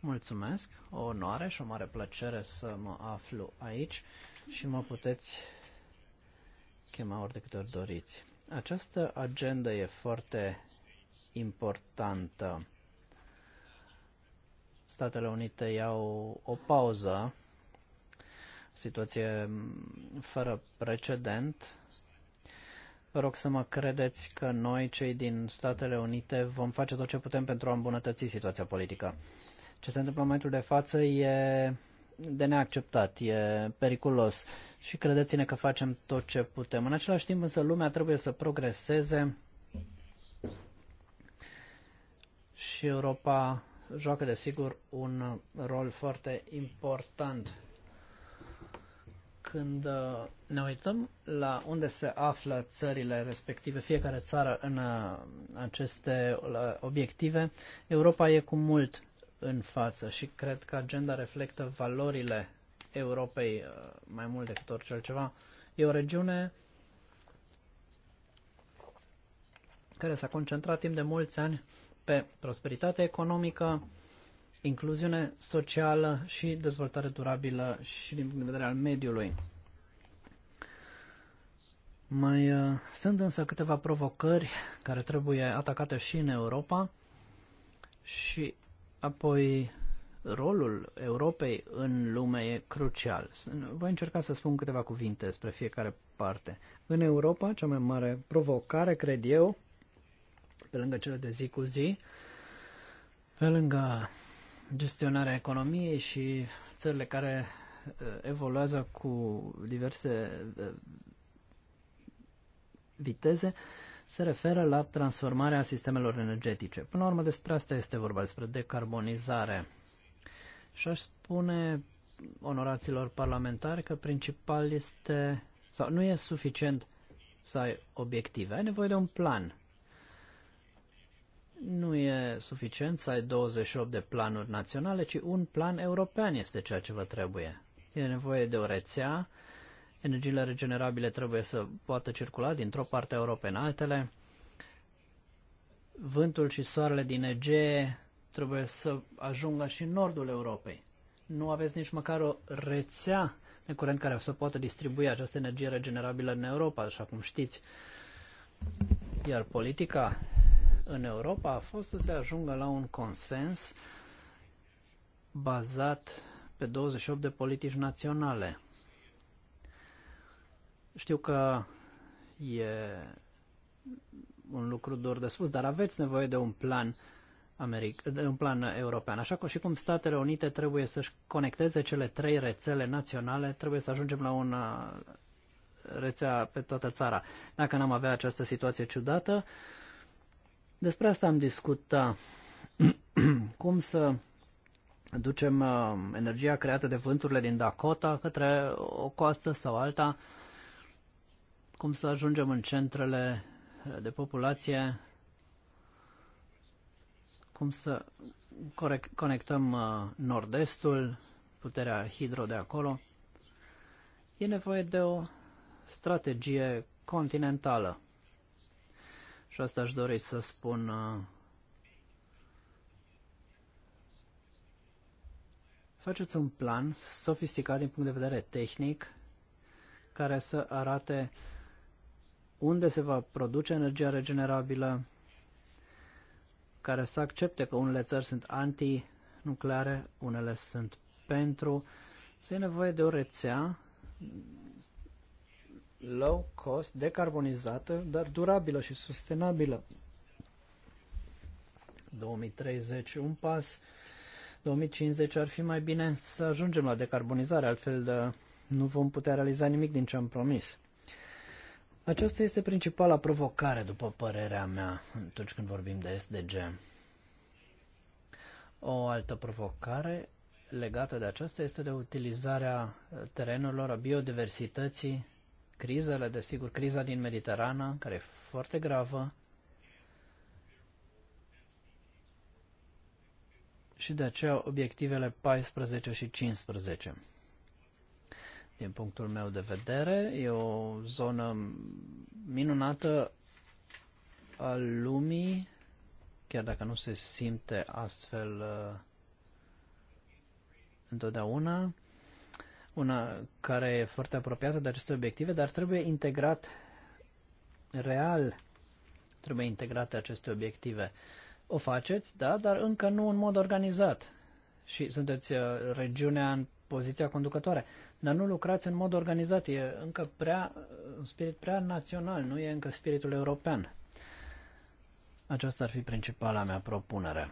Mulțumesc, o onoare și o mare plăcere să mă aflu aici și mă puteți chema ori de câte ori doriți. Această agenda e foarte importantă. Statele Unite iau o pauză, situație fără precedent. Vă rog să mă credeți că noi, cei din Statele Unite, vom face tot ce putem pentru a îmbunătăți situația politică. Ce se întâmplă în momentul de față e de neacceptat, e periculos și credeți-ne că facem tot ce putem. În același timp însă lumea trebuie să progreseze și Europa joacă desigur un rol foarte important. Când uh, ne uităm la unde se află țările respective, fiecare țară în uh, aceste uh, obiective, Europa e cu mult în față și cred că agenda reflectă valorile Europei mai mult decât orice altceva. E o regiune care s-a concentrat timp de mulți ani pe prosperitate economică, incluziune socială și dezvoltare durabilă și din punct de vedere al mediului. Mai uh, sunt însă câteva provocări care trebuie atacate și în Europa și apoi rolul Europei în lume e crucial. Voi încerca să spun câteva cuvinte despre fiecare parte. În Europa, cea mai mare provocare, cred eu, pe lângă cele de zi cu zi, pe lângă gestionarea economiei și țările care uh, evoluează cu diverse uh, viteze, se referă la transformarea sistemelor energetice. Până la urmă, despre asta este vorba, despre decarbonizare. Și aș spune onoraților parlamentari că principal este, sau nu e suficient să ai obiective, ai nevoie de un plan nu e suficient să ai 28 de planuri naționale, ci un plan european este ceea ce vă trebuie. E nevoie de o rețea, energiile regenerabile trebuie să poată circula dintr-o parte a Europei în altele, vântul și soarele din Egee trebuie să ajungă și în nordul Europei. Nu aveți nici măcar o rețea de curent care să poată distribui această energie regenerabilă în Europa, așa cum știți. Iar politica în Europa a fost să se ajungă la un consens bazat pe 28 de politici naționale. Știu că e un lucru dur de spus, dar aveți nevoie de un plan Americ, de un plan european. Așa că și cum Statele Unite trebuie să-și conecteze cele trei rețele naționale, trebuie să ajungem la un uh, rețea pe toată țara. Dacă n-am avea această situație ciudată, uh, despre asta am discutat. [CLEARS THROAT] Cum să ducem uh, energia creată de vânturile din Dakota către o coastă sau alta, cum să ajungem în centrele uh, de populație, cum să conectăm uh, nord-estul, puterea hidro de acolo. E nevoie de o strategie continentală. Și asta aș dori să spun uh, faceți un plan sofisticat din punct de vedere tehnic care să arate unde se va produce energia regenerabilă, care să accepte că unele țări sunt anti-nucleare, unele sunt pentru. Să e nevoie de o rețea low cost, decarbonizată, dar durabilă și sustenabilă. 2030 un pas, 2050 ar fi mai bine să ajungem la decarbonizare, altfel de nu vom putea realiza nimic din ce am promis. Aceasta este principala provocare, după părerea mea, atunci când vorbim de SDG. O altă provocare legată de aceasta este de utilizarea terenurilor, a biodiversității crizele, desigur, criza din Mediterana, care e foarte gravă. Și de aceea obiectivele 14 și 15. Din punctul meu de vedere, e o zonă minunată a lumii, chiar dacă nu se simte astfel uh, întotdeauna una care e foarte apropiată de aceste obiective, dar trebuie integrat real, trebuie integrate aceste obiective. O faceți, da, dar încă nu în mod organizat. Și sunteți uh, regiunea în poziția conducătoare, dar nu lucrați în mod organizat, e încă prea, un spirit prea național, nu e încă spiritul european. Aceasta ar fi principala mea propunere.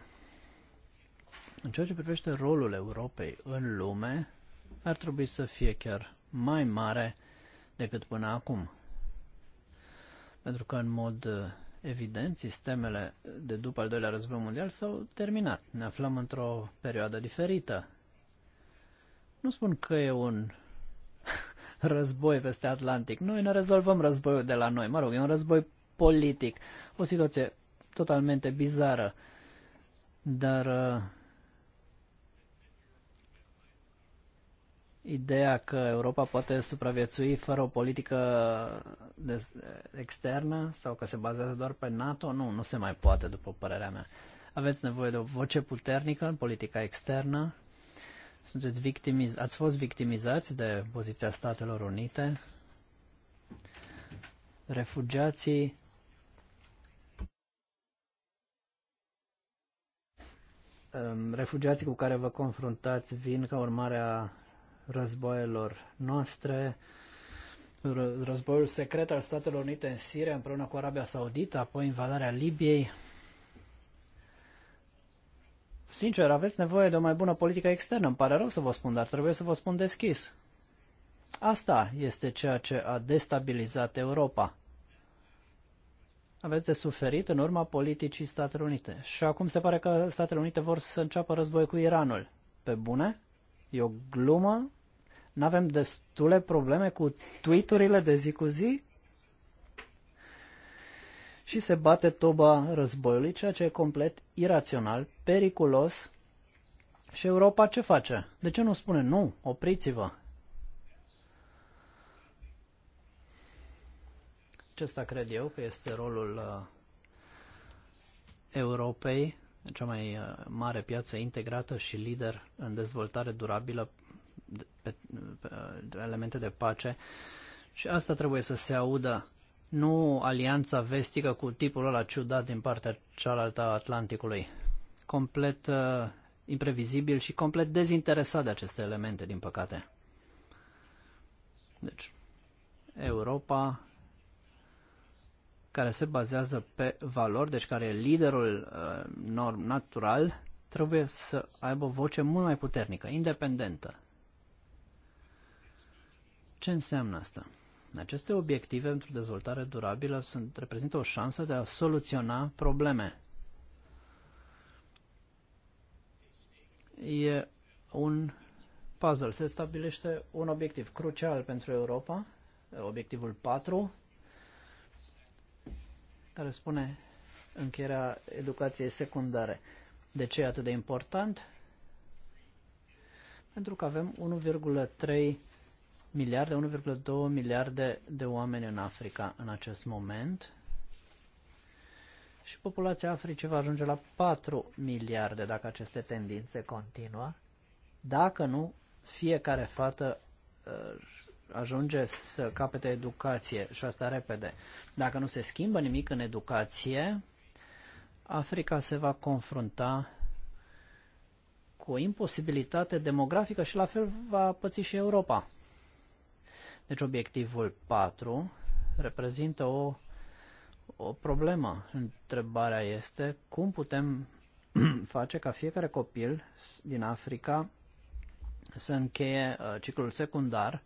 În ceea ce privește rolul Europei în lume, ar trebui să fie chiar mai mare decât până acum. Pentru că, în mod uh, evident, sistemele de după al doilea război mondial s-au terminat. Ne aflăm într-o perioadă diferită. Nu spun că e un [LAUGHS] război peste Atlantic. Noi ne rezolvăm războiul de la noi. Mă rog, e un război politic. O situație totalmente bizară. Dar uh, ideea că Europa poate supraviețui fără o politică de, externă sau că se bazează doar pe NATO, nu, nu se mai poate, după părerea mea. Aveți nevoie de o voce puternică în politica externă. Sunteți victimiz- ați fost victimizați de poziția Statelor Unite. Refugiații refugiații cu care vă confruntați vin ca urmare a războaielor noastre, războiul secret al Statelor Unite în Siria împreună cu Arabia Saudită, apoi invadarea Libiei. Sincer, aveți nevoie de o mai bună politică externă. Îmi pare rău să vă spun, dar trebuie să vă spun deschis. Asta este ceea ce a destabilizat Europa. Aveți de suferit în urma politicii Statelor Unite. Și acum se pare că Statele Unite vor să înceapă război cu Iranul. Pe bune? E o glumă nu avem destule probleme cu tweeturile de zi cu zi? Și se bate toba războiului, ceea ce e complet irațional, periculos. Și Europa ce face? De ce nu spune nu, opriți-vă? Acesta cred eu că este rolul uh, Europei, cea mai uh, mare piață integrată și lider în dezvoltare durabilă pe, pe, pe elemente de pace și asta trebuie să se audă, nu alianța vestică cu tipul ăla ciudat din partea cealaltă a Atlanticului. Complet uh, imprevizibil și complet dezinteresat de aceste elemente, din păcate. Deci, Europa care se bazează pe valori, deci care e liderul uh, norm natural, trebuie să aibă o voce mult mai puternică, independentă. Ce înseamnă asta? Aceste obiective pentru dezvoltare durabilă sunt, reprezintă o șansă de a soluționa probleme. E un puzzle. Se stabilește un obiectiv crucial pentru Europa, obiectivul 4, care spune încheierea educației secundare. De ce e atât de important? Pentru că avem 1,3 miliarde, 1,2 miliarde de oameni în Africa în acest moment și populația Africii va ajunge la 4 miliarde dacă aceste tendințe continuă. Dacă nu, fiecare fată uh, ajunge să capete educație și asta repede. Dacă nu se schimbă nimic în educație, Africa se va confrunta cu o imposibilitate demografică și la fel va păți și Europa. Deci obiectivul 4 reprezintă o, o problemă. Întrebarea este cum putem [CLEARS THROAT] face ca fiecare copil din Africa să încheie uh, ciclul secundar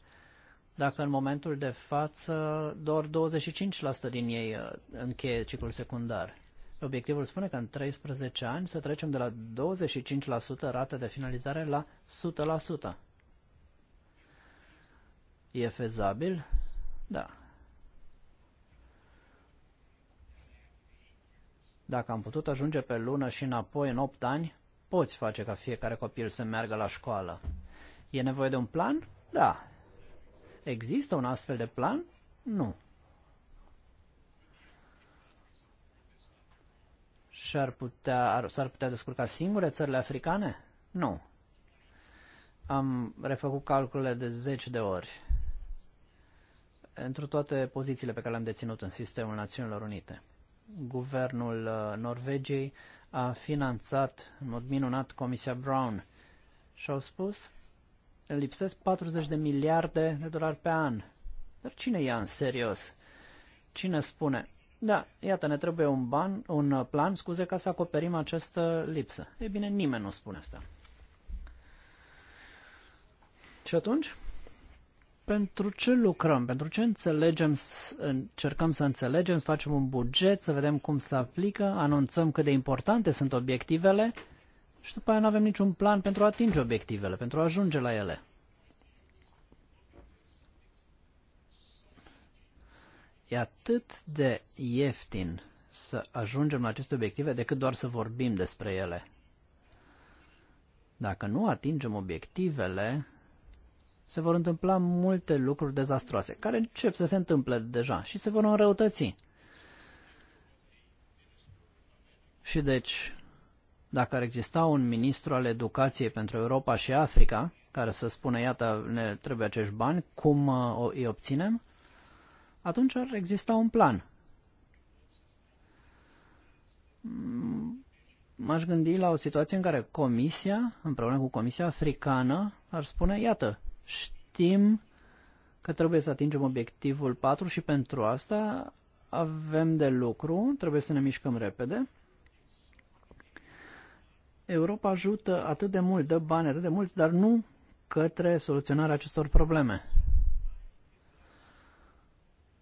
dacă în momentul de față doar 25% din ei uh, încheie ciclul secundar. Obiectivul spune că în 13 ani să trecem de la 25% rată de finalizare la E fezabil? Da. Dacă am putut ajunge pe lună și înapoi în 8 ani, poți face ca fiecare copil să meargă la școală. E nevoie de un plan? Da. Există un astfel de plan? Nu. Și-ar putea, ar putea descurca singure țările africane? Nu. Am refăcut calculele de zeci de ori pentru toate pozițiile pe care le-am deținut în sistemul Națiunilor Unite. Guvernul uh, Norvegiei a finanțat în mod minunat Comisia Brown și au spus lipsesc 40 de miliarde de dolari pe an. Dar cine ia în serios? Cine spune, da, iată, ne trebuie un, ban, un uh, plan, scuze, ca să acoperim această lipsă. E bine, nimeni nu spune asta. Și atunci, pentru ce lucrăm, pentru ce înțelegem, încercăm să înțelegem, să facem un buget, să vedem cum se aplică, anunțăm cât de importante sunt obiectivele și după aia nu avem niciun plan pentru a atinge obiectivele, pentru a ajunge la ele. E atât de ieftin să ajungem la aceste obiective decât doar să vorbim despre ele. Dacă nu atingem obiectivele, se vor întâmpla multe lucruri dezastroase, care încep să se întâmple deja și se vor înrăutăți. Și deci, dacă ar exista un ministru al educației pentru Europa și Africa, care să spună, iată, ne trebuie acești bani, cum uh, îi obținem, atunci ar exista un plan. M-aș gândi la o situație în care Comisia, împreună cu Comisia Africană, ar spune, iată, Știm că trebuie să atingem obiectivul 4 și pentru asta avem de lucru, trebuie să ne mișcăm repede. Europa ajută atât de mult, dă bani atât de mulți, dar nu către soluționarea acestor probleme.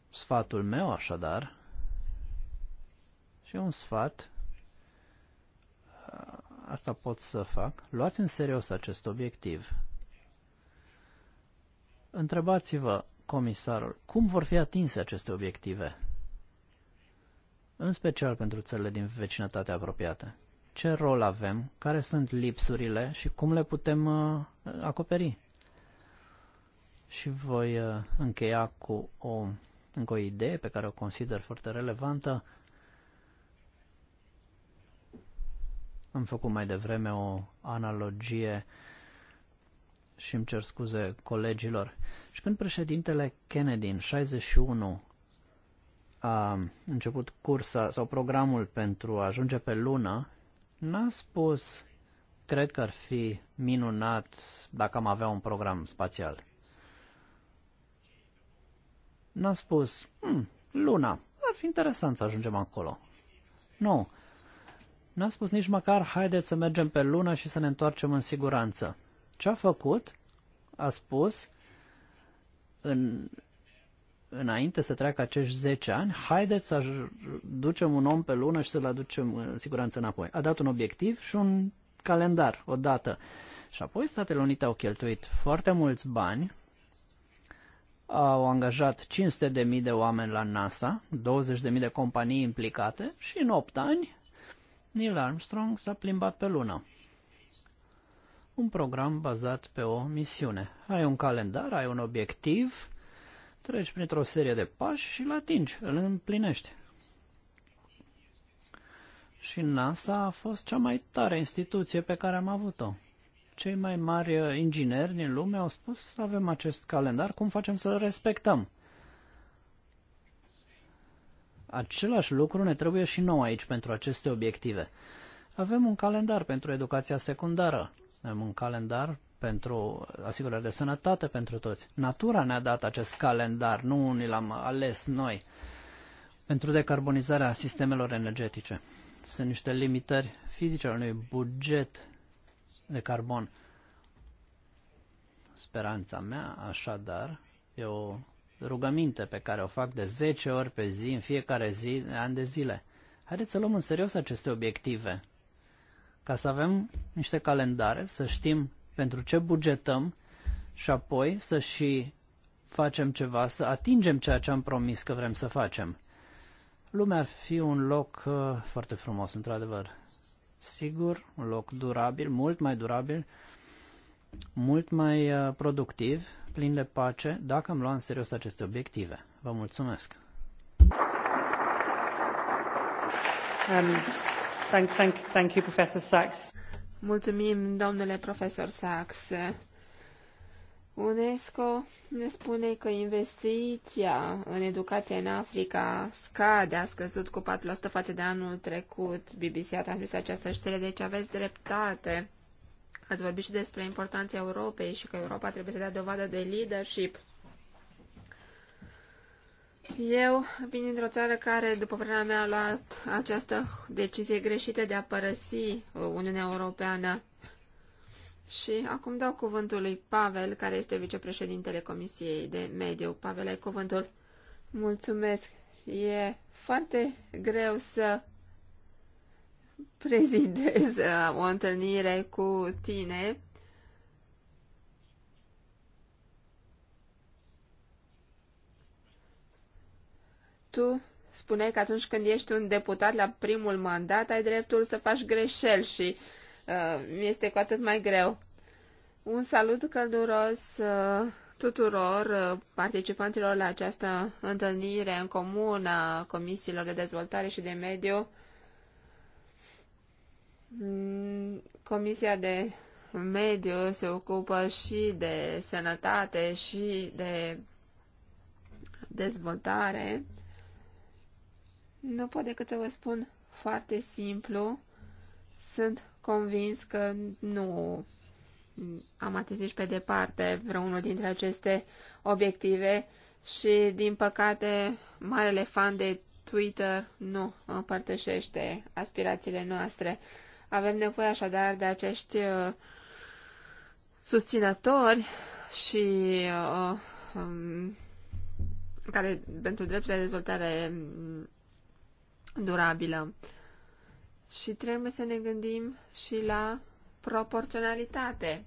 Sfatul meu, așadar, și un sfat, asta pot să fac, luați în serios acest obiectiv. Întrebați-vă, comisarul, cum vor fi atinse aceste obiective? În special pentru țările din vecinătatea apropiată. Ce rol avem, care sunt lipsurile și cum le putem uh, acoperi? Și voi uh, încheia cu o, încă o idee pe care o consider foarte relevantă. Am făcut mai devreme o analogie uh, și îmi cer scuze colegilor. Și când președintele Kennedy în 61 a început cursa sau programul pentru a ajunge pe lună, n-a spus cred că ar fi minunat dacă am avea un program spațial. N-a spus, hm, luna, ar fi interesant să ajungem acolo. Nu, n-a spus nici măcar, haideți să mergem pe lună și să ne întoarcem în siguranță. Ce a făcut? A spus, în, înainte să treacă acești 10 ani, haideți să ducem un om pe lună și să-l aducem uh, în siguranță înapoi. A dat un obiectiv și un calendar, o dată. Și apoi Statele Unite au cheltuit foarte mulți bani, au angajat 500.000 de, de oameni la NASA, 20.000 de, de companii implicate și în 8 ani Neil Armstrong s-a plimbat pe lună un program bazat pe o misiune. Ai un calendar, ai un obiectiv, treci printr-o serie de pași și îl atingi, îl împlinești. Și NASA a fost cea mai tare instituție pe care am avut-o. Cei mai mari uh, ingineri din lume au spus, avem acest calendar, cum facem să-l respectăm? Același lucru ne trebuie și nou aici pentru aceste obiective. Avem un calendar pentru educația secundară. Avem un calendar pentru asigurări de sănătate pentru toți. Natura ne-a dat acest calendar, nu ni l-am ales noi, pentru decarbonizarea sistemelor energetice. Sunt niște limitări fizice ale unui buget de carbon. Speranța mea, așadar, e o rugăminte pe care o fac de 10 ori pe zi, în fiecare zi, ani de zile. Haideți să luăm în serios aceste obiective ca să avem niște calendare, să știm pentru ce bugetăm și apoi să și facem ceva, să atingem ceea ce am promis că vrem să facem. Lumea ar fi un loc uh, foarte frumos, într-adevăr. Sigur, un loc durabil, mult mai durabil, mult mai uh, productiv, plin de pace, dacă am luat în serios aceste obiective. Vă mulțumesc! Um. Thank, thank, thank you, Professor Sachs. Mulțumim, domnule profesor Sachs. UNESCO ne spune că investiția în educație în Africa scade, a scăzut cu 4% față de anul trecut. BBC a transmis această știre, deci aveți dreptate. Ați vorbit și despre importanța Europei și că Europa trebuie să dea dovadă de leadership. Eu vin dintr-o țară care, după părerea mea, a luat această decizie greșită de a părăsi uh, Uniunea Europeană. Și acum dau cuvântul lui Pavel, care este vicepreședintele Comisiei de Mediu. Pavel, ai cuvântul. Mulțumesc. E foarte greu să prezidez uh, o întâlnire cu tine Statutul spune că atunci când ești un deputat la primul mandat, ai dreptul să faci greșeli și uh, este cu atât mai greu. Un salut călduros uh, tuturor uh, participanților la această întâlnire în comun a Comisiilor de Dezvoltare și de Mediu, mm, Comisia de Mediu se ocupă și de sănătate și de dezvoltare nu pot decât să vă spun foarte simplu. Sunt convins că nu am atins nici pe departe vreunul dintre aceste obiective și, din păcate, marele fan de Twitter nu împărtășește aspirațiile noastre. Avem nevoie așadar de acești uh, susținători și uh, um, care pentru drepturile de dezvoltare um, durabilă. Și trebuie să ne gândim și la proporționalitate.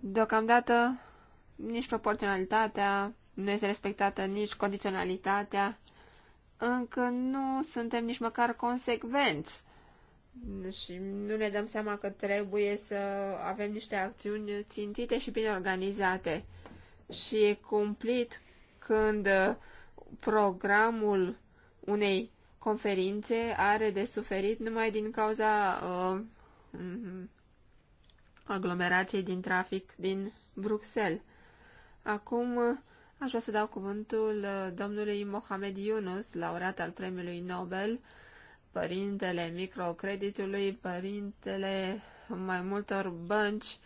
Deocamdată nici proporționalitatea nu este respectată, nici condiționalitatea. Încă nu suntem nici măcar consecvenți și nu ne dăm seama că trebuie să avem niște acțiuni țintite și bine organizate. Și e cumplit când programul unei conferințe are de suferit numai din cauza uh, mhm, aglomerației din trafic din Bruxelles. Acum uh, aș vrea să dau cuvântul uh, domnului Mohamed Yunus, laureat al premiului Nobel, părintele microcreditului, părintele mai multor bănci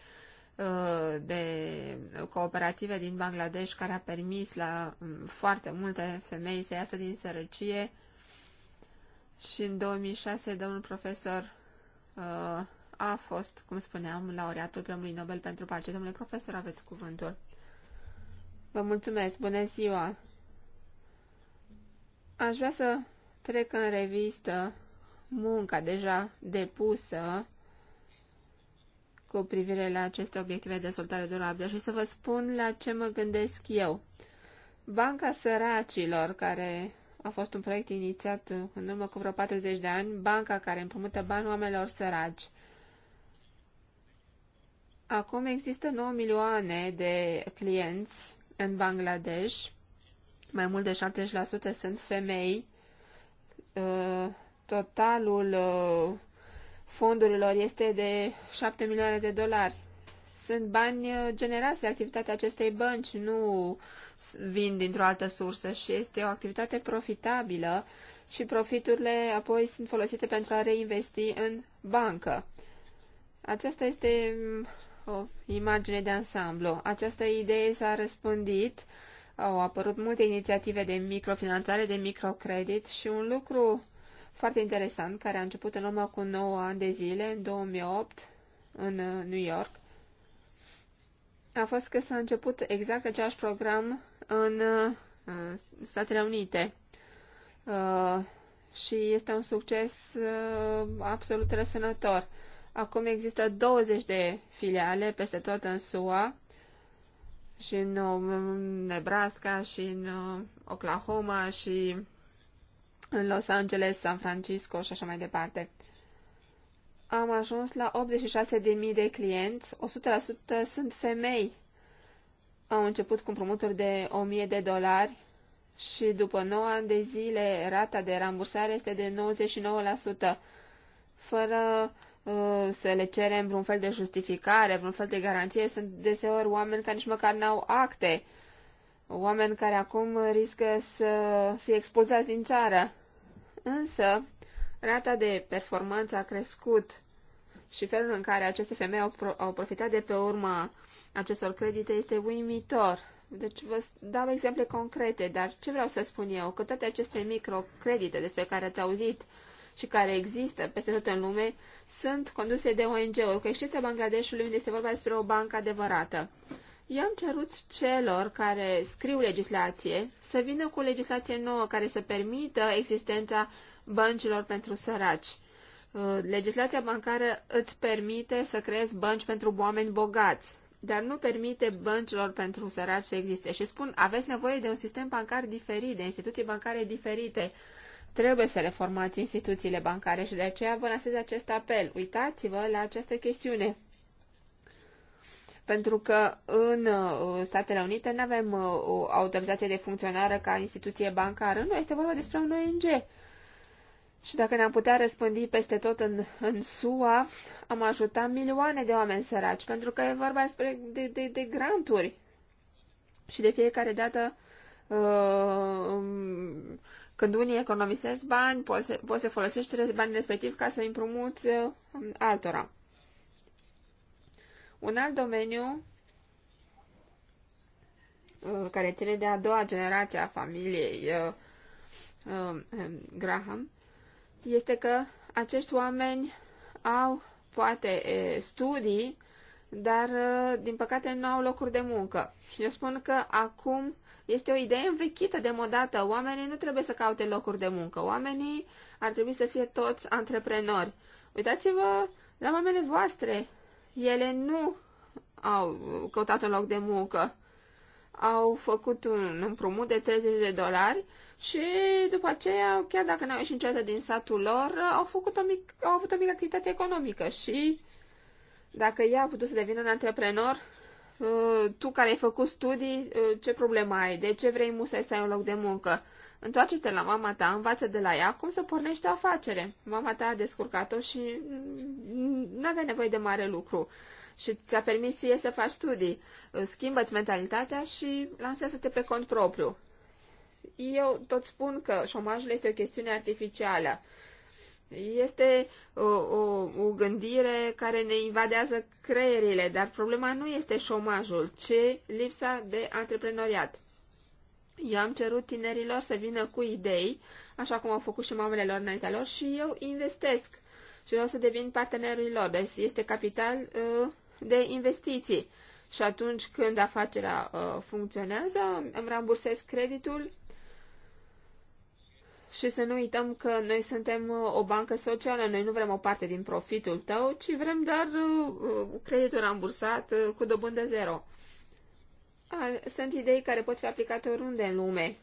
uh, de cooperative din Bangladesh care a permis la mm, foarte multe femei să iasă din sărăcie și în 2006 domnul profesor uh, a fost, cum spuneam, laureatul Premiului Nobel pentru Pace. Domnule profesor, aveți cuvântul. Vă mulțumesc, bună ziua! Aș vrea să trec în revistă munca deja depusă cu privire la aceste obiective de dezvoltare durabilă și să vă spun la ce mă gândesc eu. Banca săracilor, care a fost un proiect inițiat în urmă cu vreo 40 de ani, banca care împrumută bani oamenilor săraci. Acum există 9 milioane de clienți în Bangladesh, mai mult de 70% sunt femei. Uh, totalul uh, fondurilor este de 7 milioane de dolari. Sunt bani generați de activitatea acestei bănci, nu vin dintr-o altă sursă și este o activitate profitabilă și profiturile apoi sunt folosite pentru a reinvesti în bancă. Aceasta este mm, o imagine de ansamblu. Această idee s-a răspândit, au apărut multe inițiative de microfinanțare, de microcredit și un lucru foarte interesant care a început în urmă cu 9 ani de zile, în 2008, în New York, a fost că s-a început exact același program în uh, Statele Unite. Uh, și este un succes uh, absolut răsunător. Acum există 20 de filiale peste tot în SUA și în Nebraska și în Oklahoma și în Los Angeles, San Francisco și așa mai departe am ajuns la 86.000 de clienți, 100% sunt femei. Au început cu împrumuturi de 1.000 de dolari și după 9 ani de zile rata de rambursare este de 99%, fără uh, să le cerem vreun fel de justificare, vreun fel de garanție. Sunt deseori oameni care nici măcar n-au acte, oameni care acum riscă să fie expulzați din țară. Însă, rata de performanță a crescut și felul în care aceste femei au, pro- au profitat de pe urma acestor credite este uimitor. Deci vă dau exemple concrete, dar ce vreau să spun eu? Că toate aceste microcredite despre care ați auzit și care există peste tot în lume sunt conduse de ONG-uri, cu excepția Bangladeshului, unde este vorba despre o bancă adevărată. Eu am cerut celor care scriu legislație să vină cu legislație nouă care să permită existența băncilor pentru săraci Uh, legislația bancară îți permite să creezi bănci pentru oameni bogați, dar nu permite băncilor pentru săraci să existe. Și spun, aveți nevoie de un sistem bancar diferit, de instituții bancare diferite. Trebuie să reformați instituțiile bancare și de aceea vă lansez acest apel. Uitați-vă la această chestiune. Pentru că în uh, Statele Unite nu avem uh, o autorizație de funcționare ca instituție bancară. Nu, este vorba despre un ONG și dacă ne-am putea răspândi peste tot în, în SUA, am ajutat milioane de oameni săraci, pentru că e vorba despre, de, de, de granturi. Și de fiecare dată, uh, când unii economisesc bani, poți să, poți să folosești banii respectiv ca să împrumuți uh, altora. Un alt domeniu uh, care ține de a doua generație a familiei uh, uh, Graham este că acești oameni au poate studii, dar din păcate nu au locuri de muncă. Eu spun că acum este o idee învechită, demodată. Oamenii nu trebuie să caute locuri de muncă. Oamenii ar trebui să fie toți antreprenori. Uitați-vă la mamele voastre. Ele nu au căutat un loc de muncă. Au făcut un împrumut de 30 de dolari și după aceea, chiar dacă n-au ieșit niciodată din satul lor, au, făcut o mic, au avut o mică activitate economică și dacă ea a putut să devină un antreprenor, uh, tu care ai făcut studii, uh, ce problemă ai? De ce vrei musai să ai un loc de muncă? Întoarce-te la mama ta, învață de la ea cum să pornești o afacere. Mama ta a descurcat-o și nu avea nevoie de mare lucru și ți-a permis ție să faci studii. Schimbă-ți mentalitatea și lansează-te pe cont propriu. Eu tot spun că șomajul este o chestiune artificială. Este o, uh, o, o gândire care ne invadează creierile, dar problema nu este șomajul, ci lipsa de antreprenoriat. Eu am cerut tinerilor să vină cu idei, așa cum au făcut și mamele lor înaintea lor, și eu investesc și vreau să devin partenerul lor. Deci este capital uh, de investiții. Și atunci când afacerea uh, funcționează, îmi rambursez creditul și să nu uităm că noi suntem uh, o bancă socială, noi nu vrem o parte din profitul tău, ci vrem doar uh, uh, creditul rambursat cu dobândă zero. Sunt idei care pot fi aplicate oriunde în lume.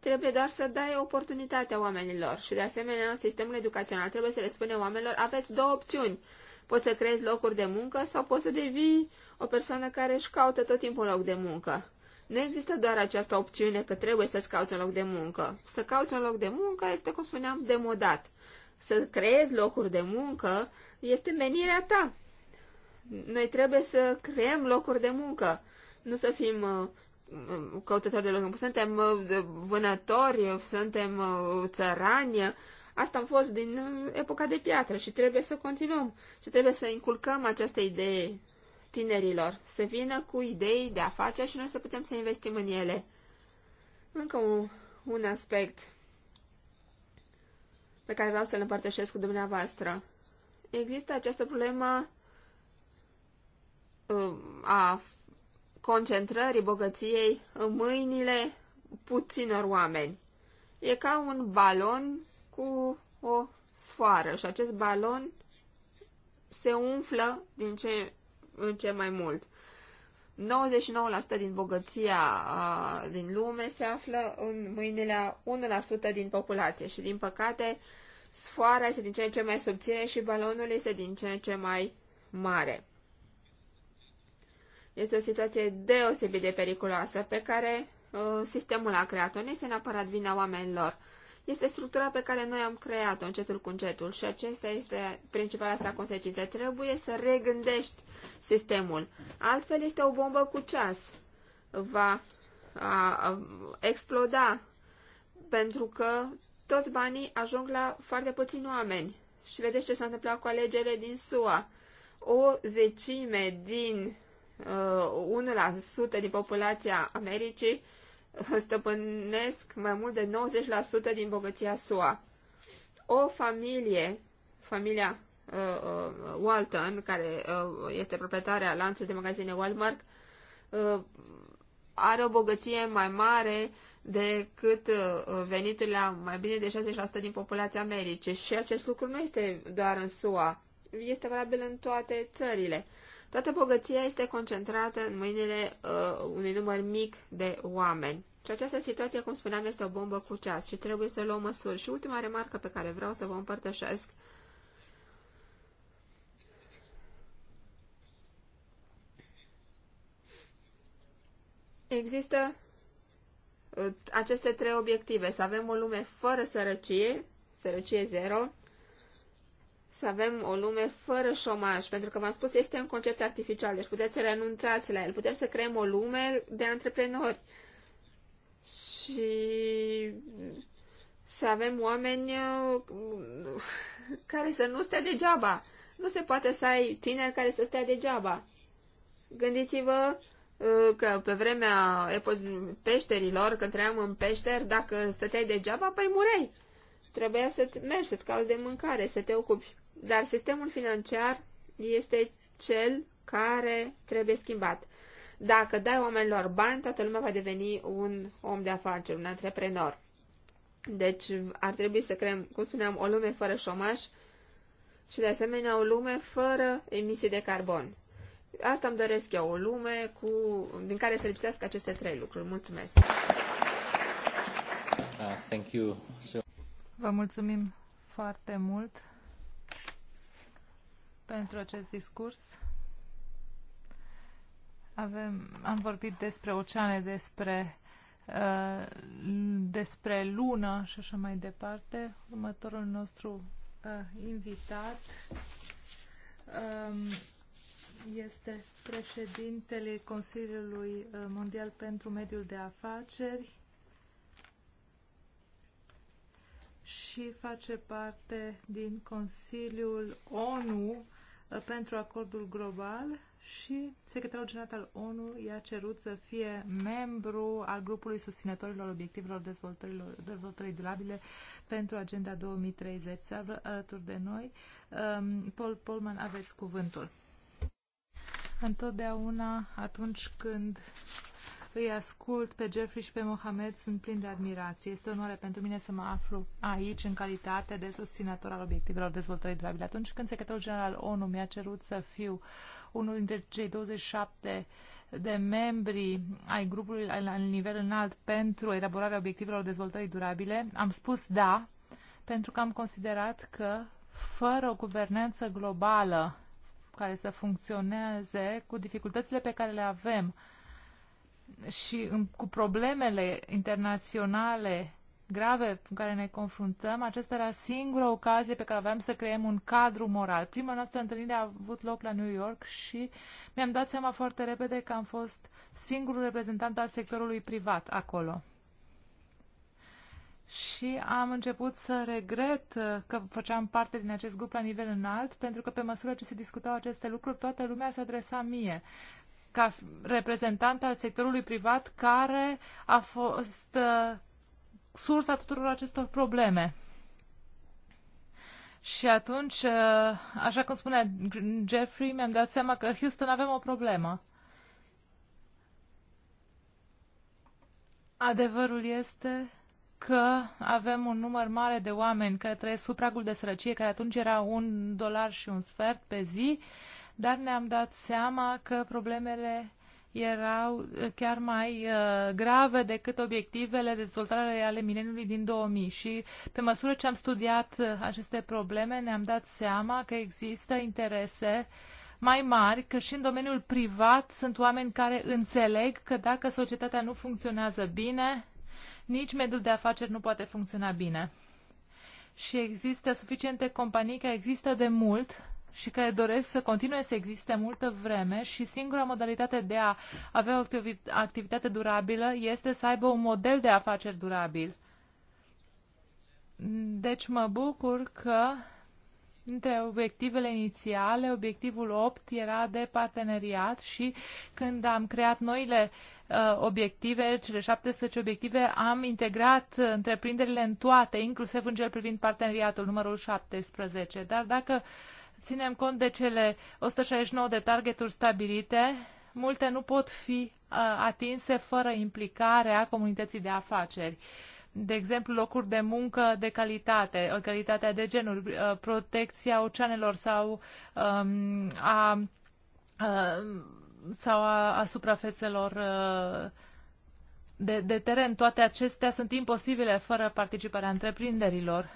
Trebuie doar să dai oportunitatea oamenilor și, de asemenea, sistemul educațional trebuie să le spune oamenilor, aveți două opțiuni. Poți să creezi locuri de muncă sau poți să devii o persoană care își caută tot timpul loc de muncă. Nu există doar această opțiune că trebuie să-ți cauți un loc de muncă. Să cauți un loc de muncă este, cum spuneam, demodat. Să creezi locuri de muncă este menirea ta. Noi trebuie să creăm locuri de muncă, nu să fim uh, uh, căutători de locuri Suntem uh, vânători, suntem țărani, Asta am fost din epoca de piatră și trebuie să continuăm și trebuie să inculcăm această idee tinerilor, să vină cu idei de afaceri și noi să putem să investim în ele. Încă un, un aspect pe care vreau să-l împărtășesc cu dumneavoastră. Există această problemă um, a concentrării bogăției în mâinile puținor oameni. E ca un balon cu o sfoară și acest balon se umflă din ce în ce mai mult. 99% din bogăția a, din lume se află în mâinile a 1% din populație și, din păcate, sfoara este din ce în ce mai subțire și balonul este din ce în ce mai mare. Este o situație deosebit de periculoasă pe care a, uh, sistemul a creat-o. Nu este neapărat vina oamenilor este structura pe care noi am creat-o încetul cu încetul și acesta este principala sa consecință. Trebuie să regândești sistemul. Altfel este o bombă cu ceas. Va a, a, exploda pentru că toți banii ajung la foarte puțini oameni. Și vedeți ce s-a întâmplat cu alegerile din SUA. O zecime din uh, 1% din populația Americii stăpânesc mai mult de 90% din bogăția SUA. O familie, familia uh, uh, Walton, care uh, este proprietarea lanțului de magazine Walmart, uh, are o bogăție mai mare decât uh, veniturile la mai bine de 60% din populația Americii. Și acest lucru nu este doar în SUA, este valabil în toate țările. Toată bogăția este concentrată în mâinile uh, unui număr mic de oameni. Și această situație, cum spuneam, este o bombă cu ceas și trebuie să luăm măsuri. Și ultima remarcă pe care vreau să vă împărtășesc Există uh, aceste trei obiective. Să avem o lume fără sărăcie, sărăcie zero, să avem o lume fără șomaj, pentru că, v-am spus, este un concept artificial, deci puteți să renunțați la el. Putem să creăm o lume de antreprenori și să avem oameni uh, care să nu stea degeaba. Nu se poate să ai tineri care să stea degeaba. Gândiți-vă uh, că pe vremea peșterilor, când trăiam în peșteri, dacă stăteai degeaba, păi mureai. Trebuia să mergi, să-ți cauți de mâncare, să te ocupi dar sistemul financiar este cel care trebuie schimbat. Dacă dai oamenilor bani, toată lumea va deveni un om de afaceri, un antreprenor. Deci ar trebui să creăm, cum spuneam, o lume fără șomaș și de asemenea o lume fără emisii de carbon. Asta îmi doresc eu, o lume cu, din care să lipsească aceste trei lucruri. Mulțumesc! Uh, thank you. So... Vă mulțumim foarte mult pentru acest discurs. Avem, am vorbit despre oceane, despre, uh, despre lună și așa mai departe. Următorul nostru uh, invitat um, este președintele Consiliului uh, Mondial pentru Mediul de Afaceri și face parte din Consiliul ONU pentru acordul global și secretarul general al ONU i-a cerut să fie membru al grupului susținătorilor obiectivelor dezvoltării durabile pentru Agenda 2030. Să avă alături de noi. Um, Paul Polman, aveți cuvântul. Întotdeauna atunci când îi ascult pe Jeffrey și pe Mohamed, sunt plin de admirație. Este o onoare pentru mine să mă aflu aici în calitate de susținător al obiectivelor dezvoltării durabile. Atunci când secretarul general ONU mi-a cerut să fiu unul dintre cei 27 de membri ai grupului la nivel înalt pentru elaborarea obiectivelor dezvoltării durabile, am spus da, pentru că am considerat că fără o guvernanță globală care să funcționeze cu dificultățile pe care le avem și cu problemele internaționale grave cu care ne confruntăm, aceasta era singura ocazie pe care aveam să creăm un cadru moral. Prima noastră întâlnire a avut loc la New York și mi-am dat seama foarte repede că am fost singurul reprezentant al sectorului privat acolo. Și am început să regret uh, că făceam parte din acest grup la nivel înalt, pentru că pe măsură ce se discutau aceste lucruri, toată lumea se adresa mie ca reprezentant al sectorului privat care a fost uh, sursa tuturor acestor probleme. Și atunci, uh, așa cum spunea Jeffrey, mi-am dat seama că Houston avem o problemă. Adevărul este că avem un număr mare de oameni care trăiesc sub pragul de sărăcie, care atunci era un dolar și un sfert pe zi, uh, dar ne-am dat seama că problemele erau eh, chiar mai uh, grave decât obiectivele de dezvoltare ale mileniului din 2000 și pe măsură ce am studiat uh, aceste probleme ne-am dat seama că există interese mai mari, că și în domeniul privat sunt oameni care înțeleg că dacă societatea nu funcționează bine, nici mediul de afaceri nu poate funcționa bine. Și există suficiente companii care există de mult și care doresc să continue să existe multă vreme și singura modalitate de a avea o activitate durabilă este să aibă un model de afaceri durabil. Deci mă bucur că între obiectivele inițiale, obiectivul 8 era de parteneriat și când am creat noile uh, obiective, cele 17 obiective, am integrat întreprinderile în toate, inclusiv în cel privind parteneriatul numărul 17. Dar dacă uh, ținem cont de cele 169 de targeturi stabilite, multe nu pot fi atinse fără implicarea comunității de afaceri. De exemplu, locuri de muncă de calitate, calitatea de genuri, protecția oceanelor sau um, a a sau a, a suprafețelor de, de teren. Toate acestea sunt imposibile fără participarea întreprinderilor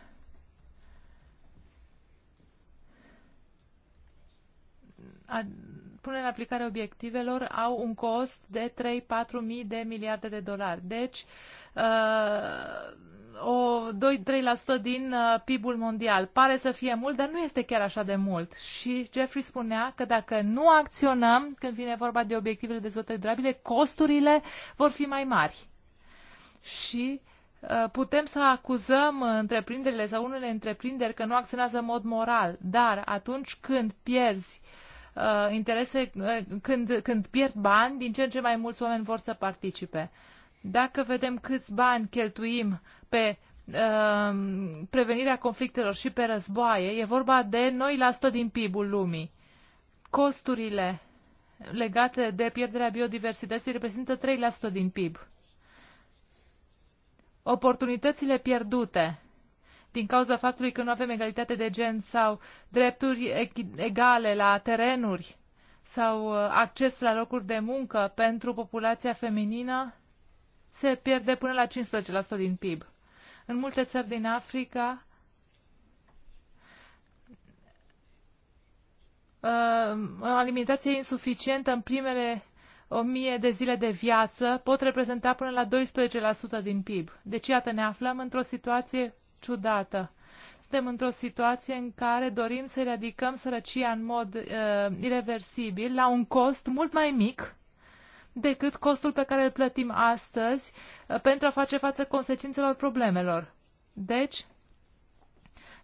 punerea în aplicare obiectivelor au un cost de 3-4 mii de miliarde de dolari. Deci, uh, o 2-3% din uh, PIB-ul mondial. Pare să fie mult, dar nu este chiar așa de mult. Și Jeffrey spunea că dacă nu acționăm când vine vorba de obiectivele de dezvoltării durabile, costurile vor fi mai mari. Și uh, putem să acuzăm întreprinderile sau unele întreprinderi că nu acționează în mod moral, dar atunci când pierzi uh, interese, uh, când, când pierd bani, din ce în ce mai mulți oameni vor să participe. Dacă vedem câți bani cheltuim pe uh, prevenirea conflictelor și pe războaie, e vorba de noi la 100 din PIB-ul lumii. Costurile legate de pierderea biodiversității reprezintă 3% din PIB. Oportunitățile pierdute din cauza faptului că nu avem egalitate de gen sau drepturi egale la terenuri sau uh, acces la locuri de muncă pentru populația feminină, se pierde până la 15% din PIB. În multe țări din Africa, uh, alimentație insuficientă în primele 1000 de zile de viață pot reprezenta până la 12% din PIB. Deci, iată, ne aflăm într-o situație ciudată. Suntem într-o situație în care dorim să eradicăm sărăcia în mod uh, irreversibil, la un cost mult mai mic decât costul pe care îl plătim astăzi uh, pentru a face față consecințelor problemelor. Deci,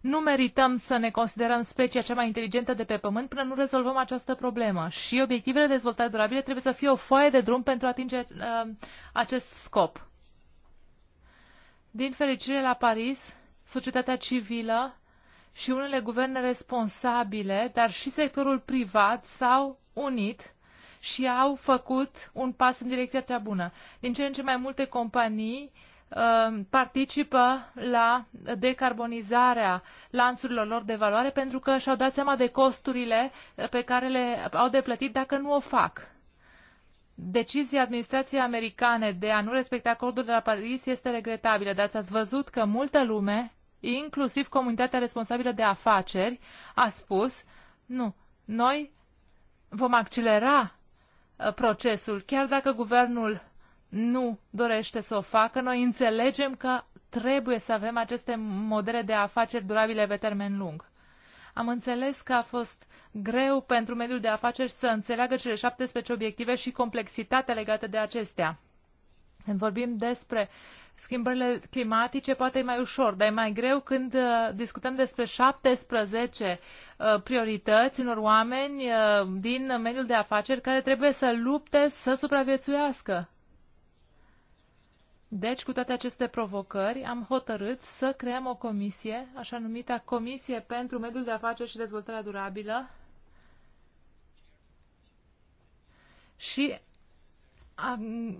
nu merităm să ne considerăm specia cea mai inteligentă de pe Pământ până nu rezolvăm această problemă. Și obiectivele de dezvoltare durabile trebuie să fie o foaie de drum pentru a atinge uh, acest scop. Din fericire, la Paris societatea civilă și unele guverne responsabile, dar și sectorul privat s-au unit și au făcut un pas în direcția cea bună. Din ce în ce mai multe companii um, participă la decarbonizarea lanțurilor lor de valoare pentru că și-au dat seama de costurile pe care le au de plătit dacă nu o fac. Decizia administrației americane de a nu respecta acordul de la Paris este regretabilă, dar ați văzut că multă lume, inclusiv comunitatea responsabilă de afaceri, a spus, nu, noi vom accelera uh, procesul, chiar dacă guvernul nu dorește să o facă, noi înțelegem că trebuie să avem aceste modele de afaceri durabile pe termen lung. Am înțeles că a fost greu pentru mediul de afaceri să înțeleagă cele 17 obiective și complexitatea legată de acestea. Când vorbim despre schimbările climatice, poate e mai ușor, dar e mai greu când uh, discutăm despre 17 uh, priorități unor oameni uh, din mediul de afaceri care trebuie să lupte să supraviețuiască. Deci, cu toate aceste provocări, am hotărât să creăm o comisie, așa numită Comisie pentru Mediul de Afaceri și Dezvoltarea Durabilă, și am,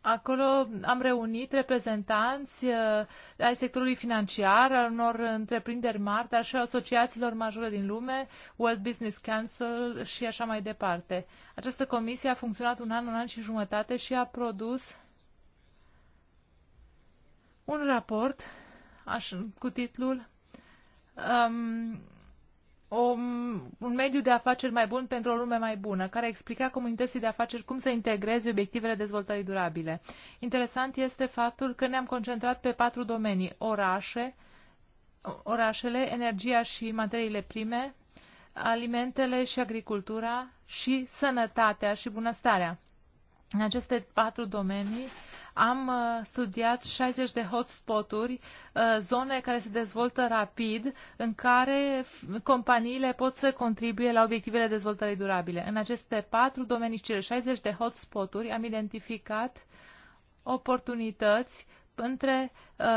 acolo am reunit reprezentanți uh, ai sectorului financiar, al unor întreprinderi mari, dar și al asociațiilor majore din lume, World Business Council și așa mai departe. Această comisie a funcționat un an, un an și jumătate și a produs un raport aș, cu titlul um, o, un mediu de afaceri mai bun pentru o lume mai bună, care explica comunității de afaceri cum să integreze obiectivele dezvoltării durabile. Interesant este faptul că ne-am concentrat pe patru domenii, orașe, orașele, energia și materiile prime, alimentele și agricultura și sănătatea și bunăstarea. În aceste patru domenii am uh, studiat 60 de hotspoturi, uh, zone care se dezvoltă rapid, în care companiile pot să contribuie la obiectivele dezvoltării durabile. În aceste patru domenii, cele 60 de hotspoturi, am identificat oportunități între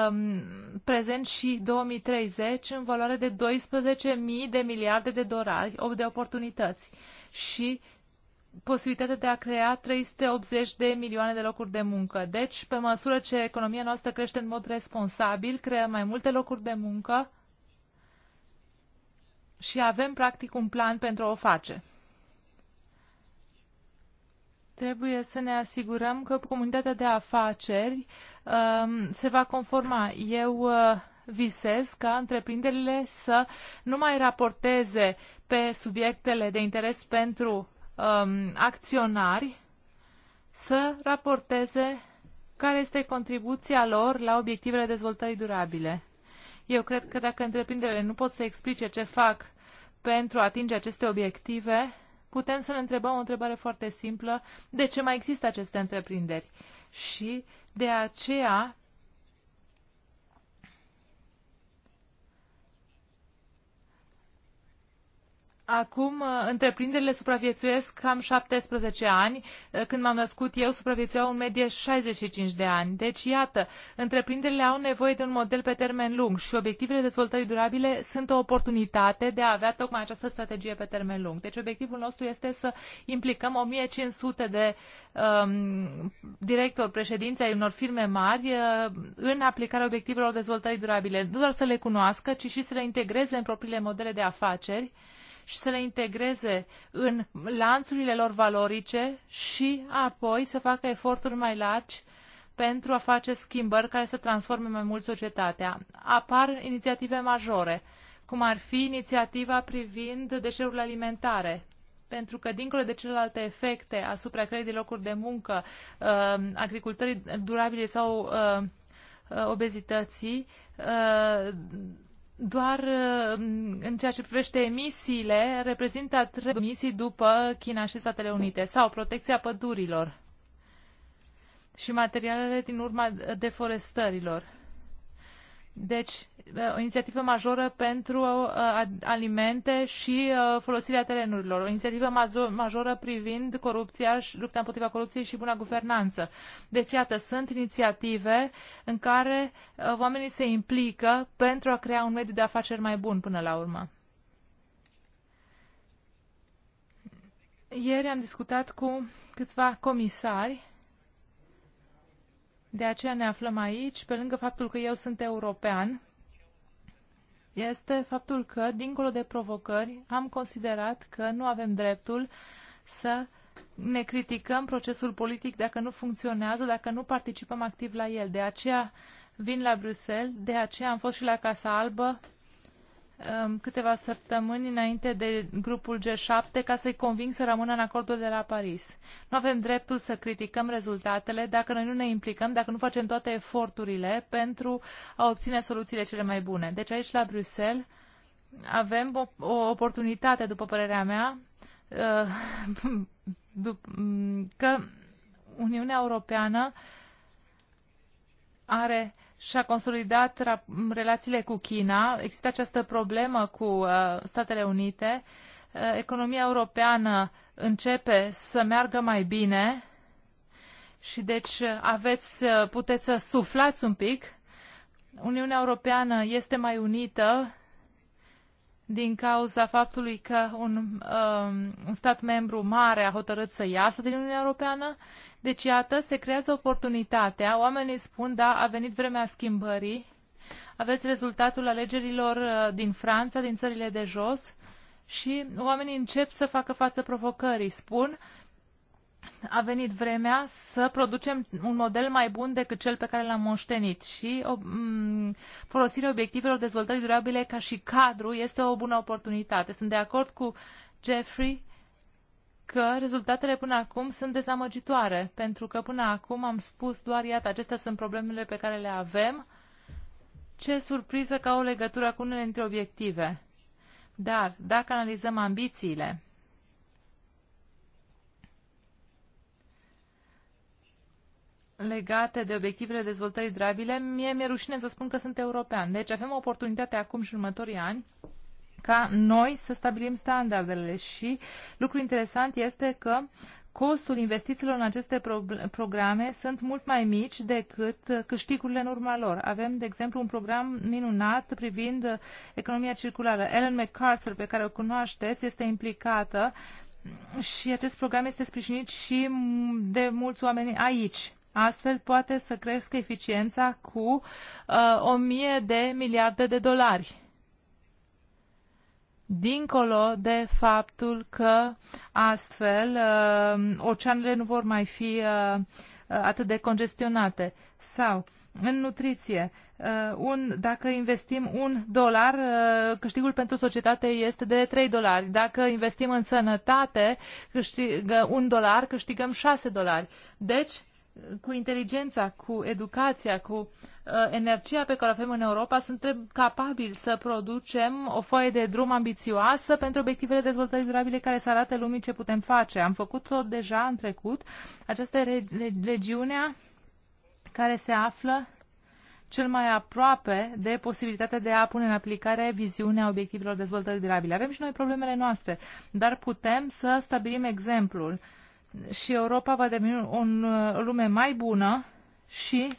um, prezent și 2030 în valoare de 12.000 de miliarde de dolari de oportunități și posibilitatea de a crea 380 de milioane de locuri de muncă. Deci, pe măsură ce economia noastră crește în mod responsabil, creăm mai multe locuri de muncă și avem, practic, un plan pentru a o face. Trebuie să ne asigurăm că comunitatea de afaceri um, se va conforma. Eu uh, visez ca întreprinderile să nu mai raporteze pe subiectele de interes pentru um, acționari să raporteze care este contribuția lor la obiectivele dezvoltării durabile. Eu cred că dacă întreprinderile nu pot să explice ce fac pentru a atinge aceste obiective, putem să ne întrebăm o întrebare foarte simplă, de ce mai există aceste întreprinderi? Și de aceea Acum, uh, întreprinderile supraviețuiesc cam 17 ani. Uh, când m-am născut eu, supraviețuiau în medie 65 de ani. Deci, iată, întreprinderile au nevoie de un model pe termen lung și obiectivele dezvoltării durabile sunt o oportunitate de a avea tocmai această strategie pe termen lung. Deci, obiectivul nostru este să implicăm 1500 de um, directori, președinții ai unor firme mari uh, în aplicarea obiectivelor dezvoltării durabile. Nu doar să le cunoască, ci și să le integreze în propriile modele de afaceri și să le integreze în lanțurile lor valorice și apoi să facă eforturi mai largi pentru a face schimbări care să transforme mai mult societatea. Apar inițiative majore, cum ar fi inițiativa privind deșeurile alimentare, pentru că, dincolo de celelalte efecte asupra creierii de locuri de muncă, uh, agricultării durabile sau uh, uh, obezității, doar uh, în ceea ce privește emisiile, reprezintă trei emisii după China și Statele Unite, sau protecția pădurilor și materialele din urma deforestărilor. Deci, uh, o inițiativă majoră pentru uh, alimente și uh, folosirea terenurilor, o inițiativă majoră privind corupția și lupta împotriva corupției și buna guvernanță. Deci, iată, sunt inițiative în care oamenii se implică pentru a crea un mediu de afaceri mai bun până la urmă. Ieri am discutat cu câțiva comisari de aceea ne aflăm aici, pe lângă faptul că eu sunt european, este faptul că, dincolo de provocări, am considerat că nu avem dreptul să ne criticăm procesul politic dacă nu funcționează, dacă nu participăm activ la el. De aceea vin la Bruxelles, de aceea am fost și la Casa Albă Um, câteva săptămâni înainte de grupul G7 ca să-i conving să rămână în acordul de la Paris. Nu avem dreptul să criticăm rezultatele dacă noi nu ne implicăm, dacă nu facem toate eforturile pentru a obține soluțiile cele mai bune. Deci aici la Bruxelles avem o, o oportunitate, după părerea mea, uh, [LAUGHS] mm, că Uniunea Europeană are și a consolidat relațiile cu China. Există această problemă cu uh, Statele Unite. Uh, economia europeană începe să meargă mai bine și deci aveți, uh, puteți să suflați un pic. Uniunea Europeană este mai unită din cauza faptului că un, um, un stat membru mare a hotărât să iasă din Uniunea Europeană. Deci, iată, se creează oportunitatea. Oamenii spun, da, a venit vremea schimbării. Aveți rezultatul alegerilor uh, din Franța, din țările de jos și oamenii încep să facă față provocării. Spun, uh, a venit vremea să producem un model mai bun decât cel pe care l-am moștenit și o, m- mm, folosirea obiectivelor dezvoltării durabile ca și cadru este o bună oportunitate. Sunt de acord cu Jeffrey că rezultatele până acum sunt dezamăgitoare, pentru că până acum am spus doar, iată, acestea sunt problemele pe care le avem. Ce surpriză că au legătură cu unele dintre obiective. Dar, dacă analizăm ambițiile legate de obiectivele dezvoltării durabile, mie mi-e rușine să spun că sunt european. Deci avem oportunitatea acum și în următorii ani ca noi să stabilim standardele și lucru interesant este că costul investițiilor în aceste pro programe sunt mult mai mici decât câștigurile în urma lor. Avem, de exemplu, un program minunat privind economia circulară. Ellen MacArthur, pe care o cunoașteți, este implicată și acest program este sprijinit și de mulți oameni aici. Astfel poate să crească eficiența cu uh, 1000 de miliarde de dolari. Dincolo de faptul că astfel uh, oceanele nu vor mai fi uh, uh, atât de congestionate. Sau în nutriție, uh, un, dacă investim un dolar, uh, câștigul pentru societate este de 3 dolari. Dacă investim în sănătate, câștigă un dolar, câștigăm 6 dolari. Deci, cu inteligența, cu educația, cu uh, energia pe care o avem în Europa, suntem capabili să producem o foaie de drum ambițioasă pentru obiectivele dezvoltării durabile care să arate lumii ce putem face. Am făcut-o deja în trecut. Aceasta e regiunea care se află cel mai aproape de posibilitatea de a pune în aplicare viziunea obiectivelor dezvoltării durabile. Avem și noi problemele noastre, dar putem să stabilim exemplul. Uh, și Europa va deveni o lume mai bună și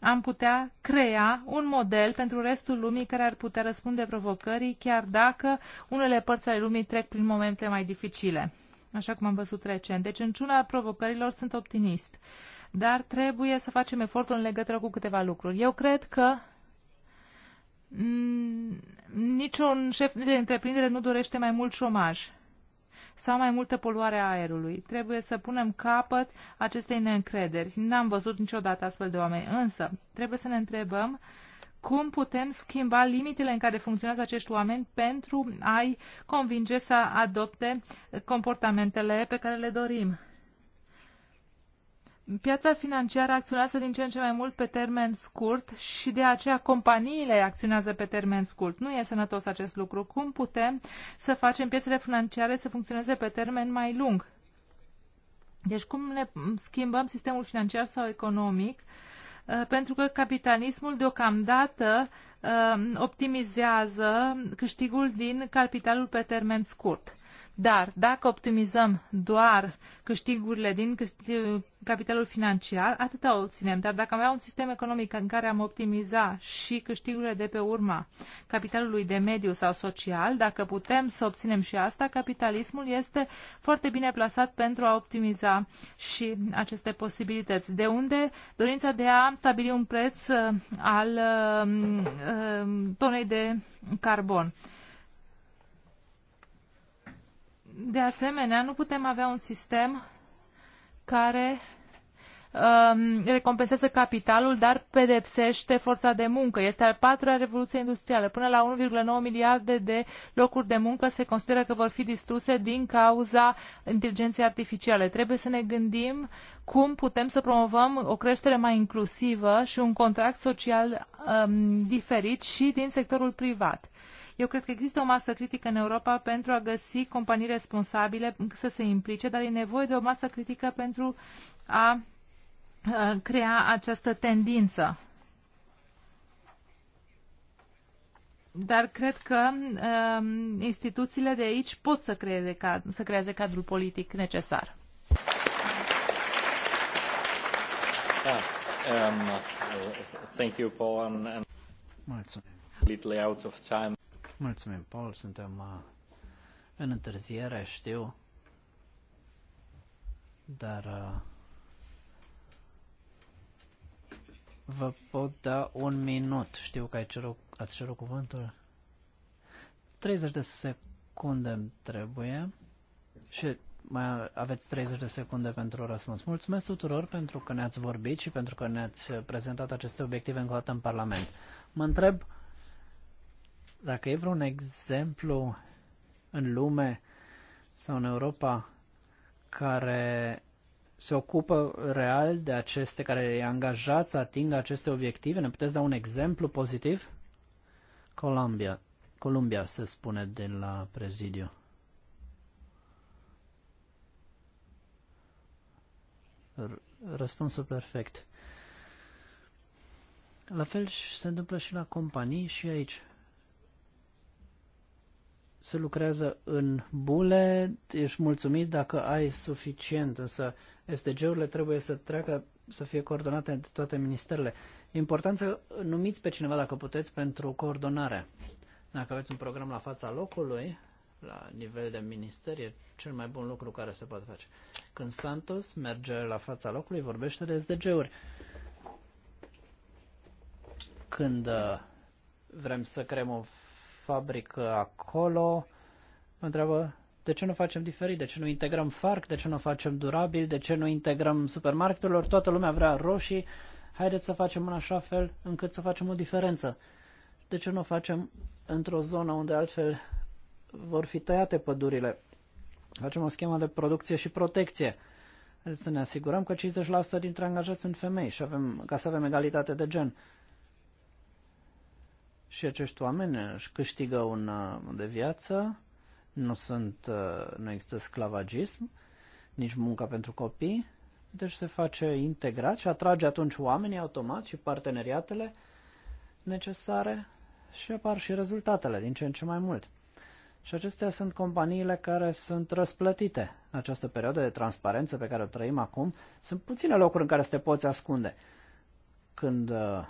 am putea crea un model pentru restul lumii care ar putea răspunde provocării, chiar dacă unele părți ale lumii trec prin momente mai dificile, așa cum am văzut recent. Deci, în ciuna provocărilor, sunt optimist. Dar trebuie să facem efortul în legătură cu câteva lucruri. Eu cred că niciun șef de întreprindere nu dorește mai mult șomaj sau mai multă poluare a aerului. Trebuie să punem capăt acestei neîncrederi. N-am văzut niciodată astfel de oameni, însă trebuie să ne întrebăm cum putem schimba limitele în care funcționează acești oameni pentru a-i convinge să adopte comportamentele pe care le dorim. Piața financiară acționează din ce în ce mai mult pe termen scurt și de aceea companiile acționează pe termen scurt. Nu e sănătos acest lucru. Cum putem să facem piețele financiare să funcționeze pe termen mai lung? Deci cum ne schimbăm sistemul financiar sau economic? Uh, pentru că capitalismul deocamdată uh, optimizează câștigul din capitalul pe termen scurt. Dar dacă optimizăm doar câștigurile din capitalul financiar, atâta obținem. Dar dacă avea un sistem economic în care am optimiza și câștigurile de pe urma capitalului de mediu sau social, dacă putem să obținem și asta, capitalismul este foarte bine plasat pentru a optimiza și aceste posibilități. De unde dorința de a stabili un preț uh, al um, um, tonei de carbon. De asemenea, nu putem avea un sistem care um, recompensează capitalul, dar pedepsește forța de muncă. Este al patrulea revoluție industrială. Până la 1,9 miliarde de locuri de muncă se consideră că vor fi distruse din cauza inteligenței artificiale. Trebuie să ne gândim cum putem să promovăm o creștere mai inclusivă și un contract social um, diferit și din sectorul privat. Eu cred că există o masă critică în Europa pentru a găsi companii responsabile să se implice, dar e nevoie de o masă critică pentru a crea această tendință. Dar cred că um, instituțiile de aici pot să, creeze, să creeze cadrul politic necesar. Ah, um, uh, thank you, Paul. And, out of time. Mulțumim, Paul, suntem uh, în întârziere, știu, dar uh, vă pot da un minut. Știu că ai cerut, ați cerut cuvântul. 30 de secunde îmi trebuie și mai aveți 30 de secunde pentru răspuns. Mulțumesc tuturor pentru că ne-ați vorbit și pentru că ne-ați prezentat aceste obiective încă o dată în Parlament. Mă întreb dacă e vreun exemplu în lume sau în Europa care se ocupă real de aceste, care e angajat să atingă aceste obiective? Ne puteți da un exemplu pozitiv? Columbia. Columbia se spune de la prezidiu. Răspunsul perfect. La fel se întâmplă și la companii și aici se lucrează în bule, ești mulțumit dacă ai suficient, însă SDG-urile trebuie să treacă, să fie coordonate de toate ministerele. E important să numiți pe cineva, dacă puteți, pentru coordonare. Dacă aveți un program la fața locului, la nivel de minister, e cel mai bun lucru care se poate face. Când Santos merge la fața locului, vorbește de SDG-uri. Când uh, vrem să creăm o fabrică acolo, mă întreabă de ce nu facem diferit, de ce nu integrăm FARC, de ce nu facem durabil, de ce nu integrăm supermarketurilor? toată lumea vrea roșii, haideți să facem în așa fel încât să facem o diferență. De ce nu o facem într-o zonă unde altfel vor fi tăiate pădurile? Facem o schemă de producție și protecție. Haideți să ne asigurăm că 50% dintre angajați sunt femei și avem, ca să avem egalitate de gen și acești oameni își câștigă un uh, de viață, nu, sunt, uh, nu există sclavagism, nici munca pentru copii, deci se face integrat și atrage atunci oamenii automat și parteneriatele necesare și apar și rezultatele din ce în ce mai mult. Și acestea sunt companiile care sunt răsplătite. În această perioadă de transparență pe care o trăim acum, sunt puține locuri în care să te poți ascunde. Când uh,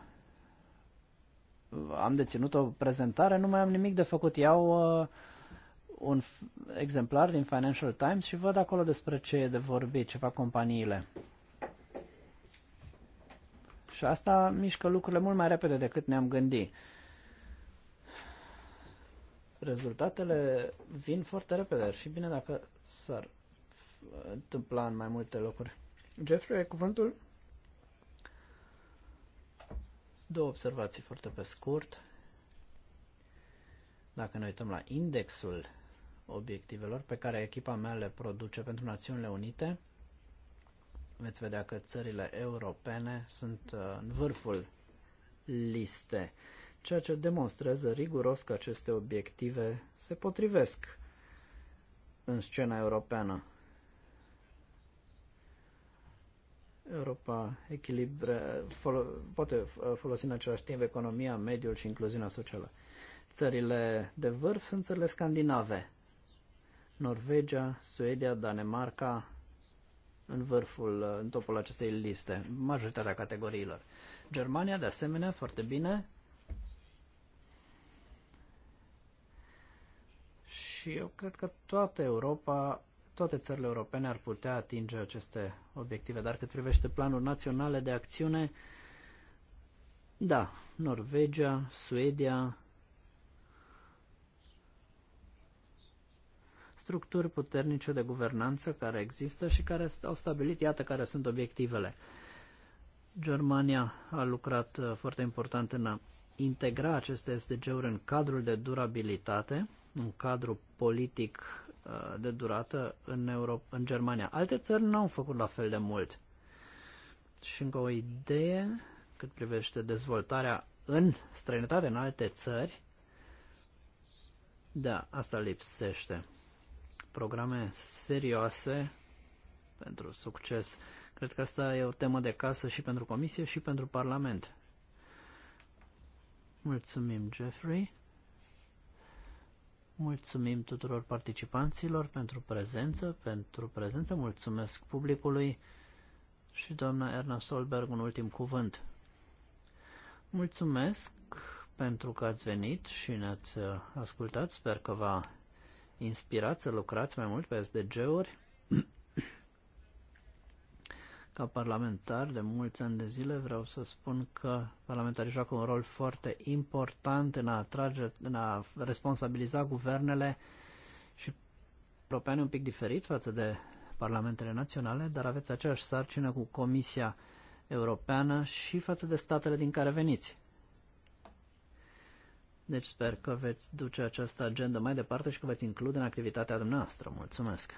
am deținut o prezentare, nu mai am nimic de făcut. Iau uh, un exemplar din Financial Times și văd acolo despre ce e de vorbit, ce fac companiile. Și asta mișcă lucrurile mult mai repede decât ne-am gândit. Rezultatele vin foarte repede. Ar fi bine dacă s-ar uh, întâmpla în mai multe locuri. Jeffrey, ai cuvântul? Două observații foarte pe scurt. Dacă ne uităm la indexul obiectivelor pe care echipa mea le produce pentru Națiunile Unite, veți vedea că țările europene sunt uh, în vârful liste, ceea ce demonstrează riguros că aceste obiective se potrivesc în scena europeană. Europa echilibre, folo, poate uh, folosi în același timp economia, mediul și incluziunea socială. Țările de vârf sunt țările scandinave. Norvegia, Suedia, Danemarca, în vârful, uh, în topul acestei liste, majoritatea categoriilor. Germania, de asemenea, foarte bine. Și eu cred că toată Europa toate țările europene ar putea atinge aceste obiective, dar cât privește planuri naționale de acțiune, da, Norvegia, Suedia, structuri puternice de guvernanță care există și care au stabilit, iată care sunt obiectivele. Germania a lucrat uh, foarte important în a integra aceste SDG-uri în cadrul de durabilitate, un cadru politic Uh, de durată în, Europa, în Germania. Alte țări nu au făcut la fel de mult. Și încă o idee cât privește dezvoltarea în străinătate, în alte țări, da, asta lipsește. Programe serioase pentru succes. Cred că asta e o temă de casă și pentru Comisie și pentru Parlament. Mulțumim, Jeffrey. Mulțumim tuturor participanților pentru prezență, pentru prezență, mulțumesc publicului și doamna Erna Solberg un ultim cuvânt. Mulțumesc pentru că ați venit și ne-ați ascultat, sper că v-a inspirat să lucrați mai mult pe SDG-uri. Ca parlamentar de mulți ani de zile vreau să spun că parlamentarii joacă un rol foarte important în a atrage, în a responsabiliza guvernele și europeane un pic diferit față de parlamentele naționale, dar aveți aceeași sarcină cu Comisia Europeană și față de statele din care veniți. Deci sper că veți duce această agendă mai departe și că veți include în activitatea dumneavoastră. Mulțumesc!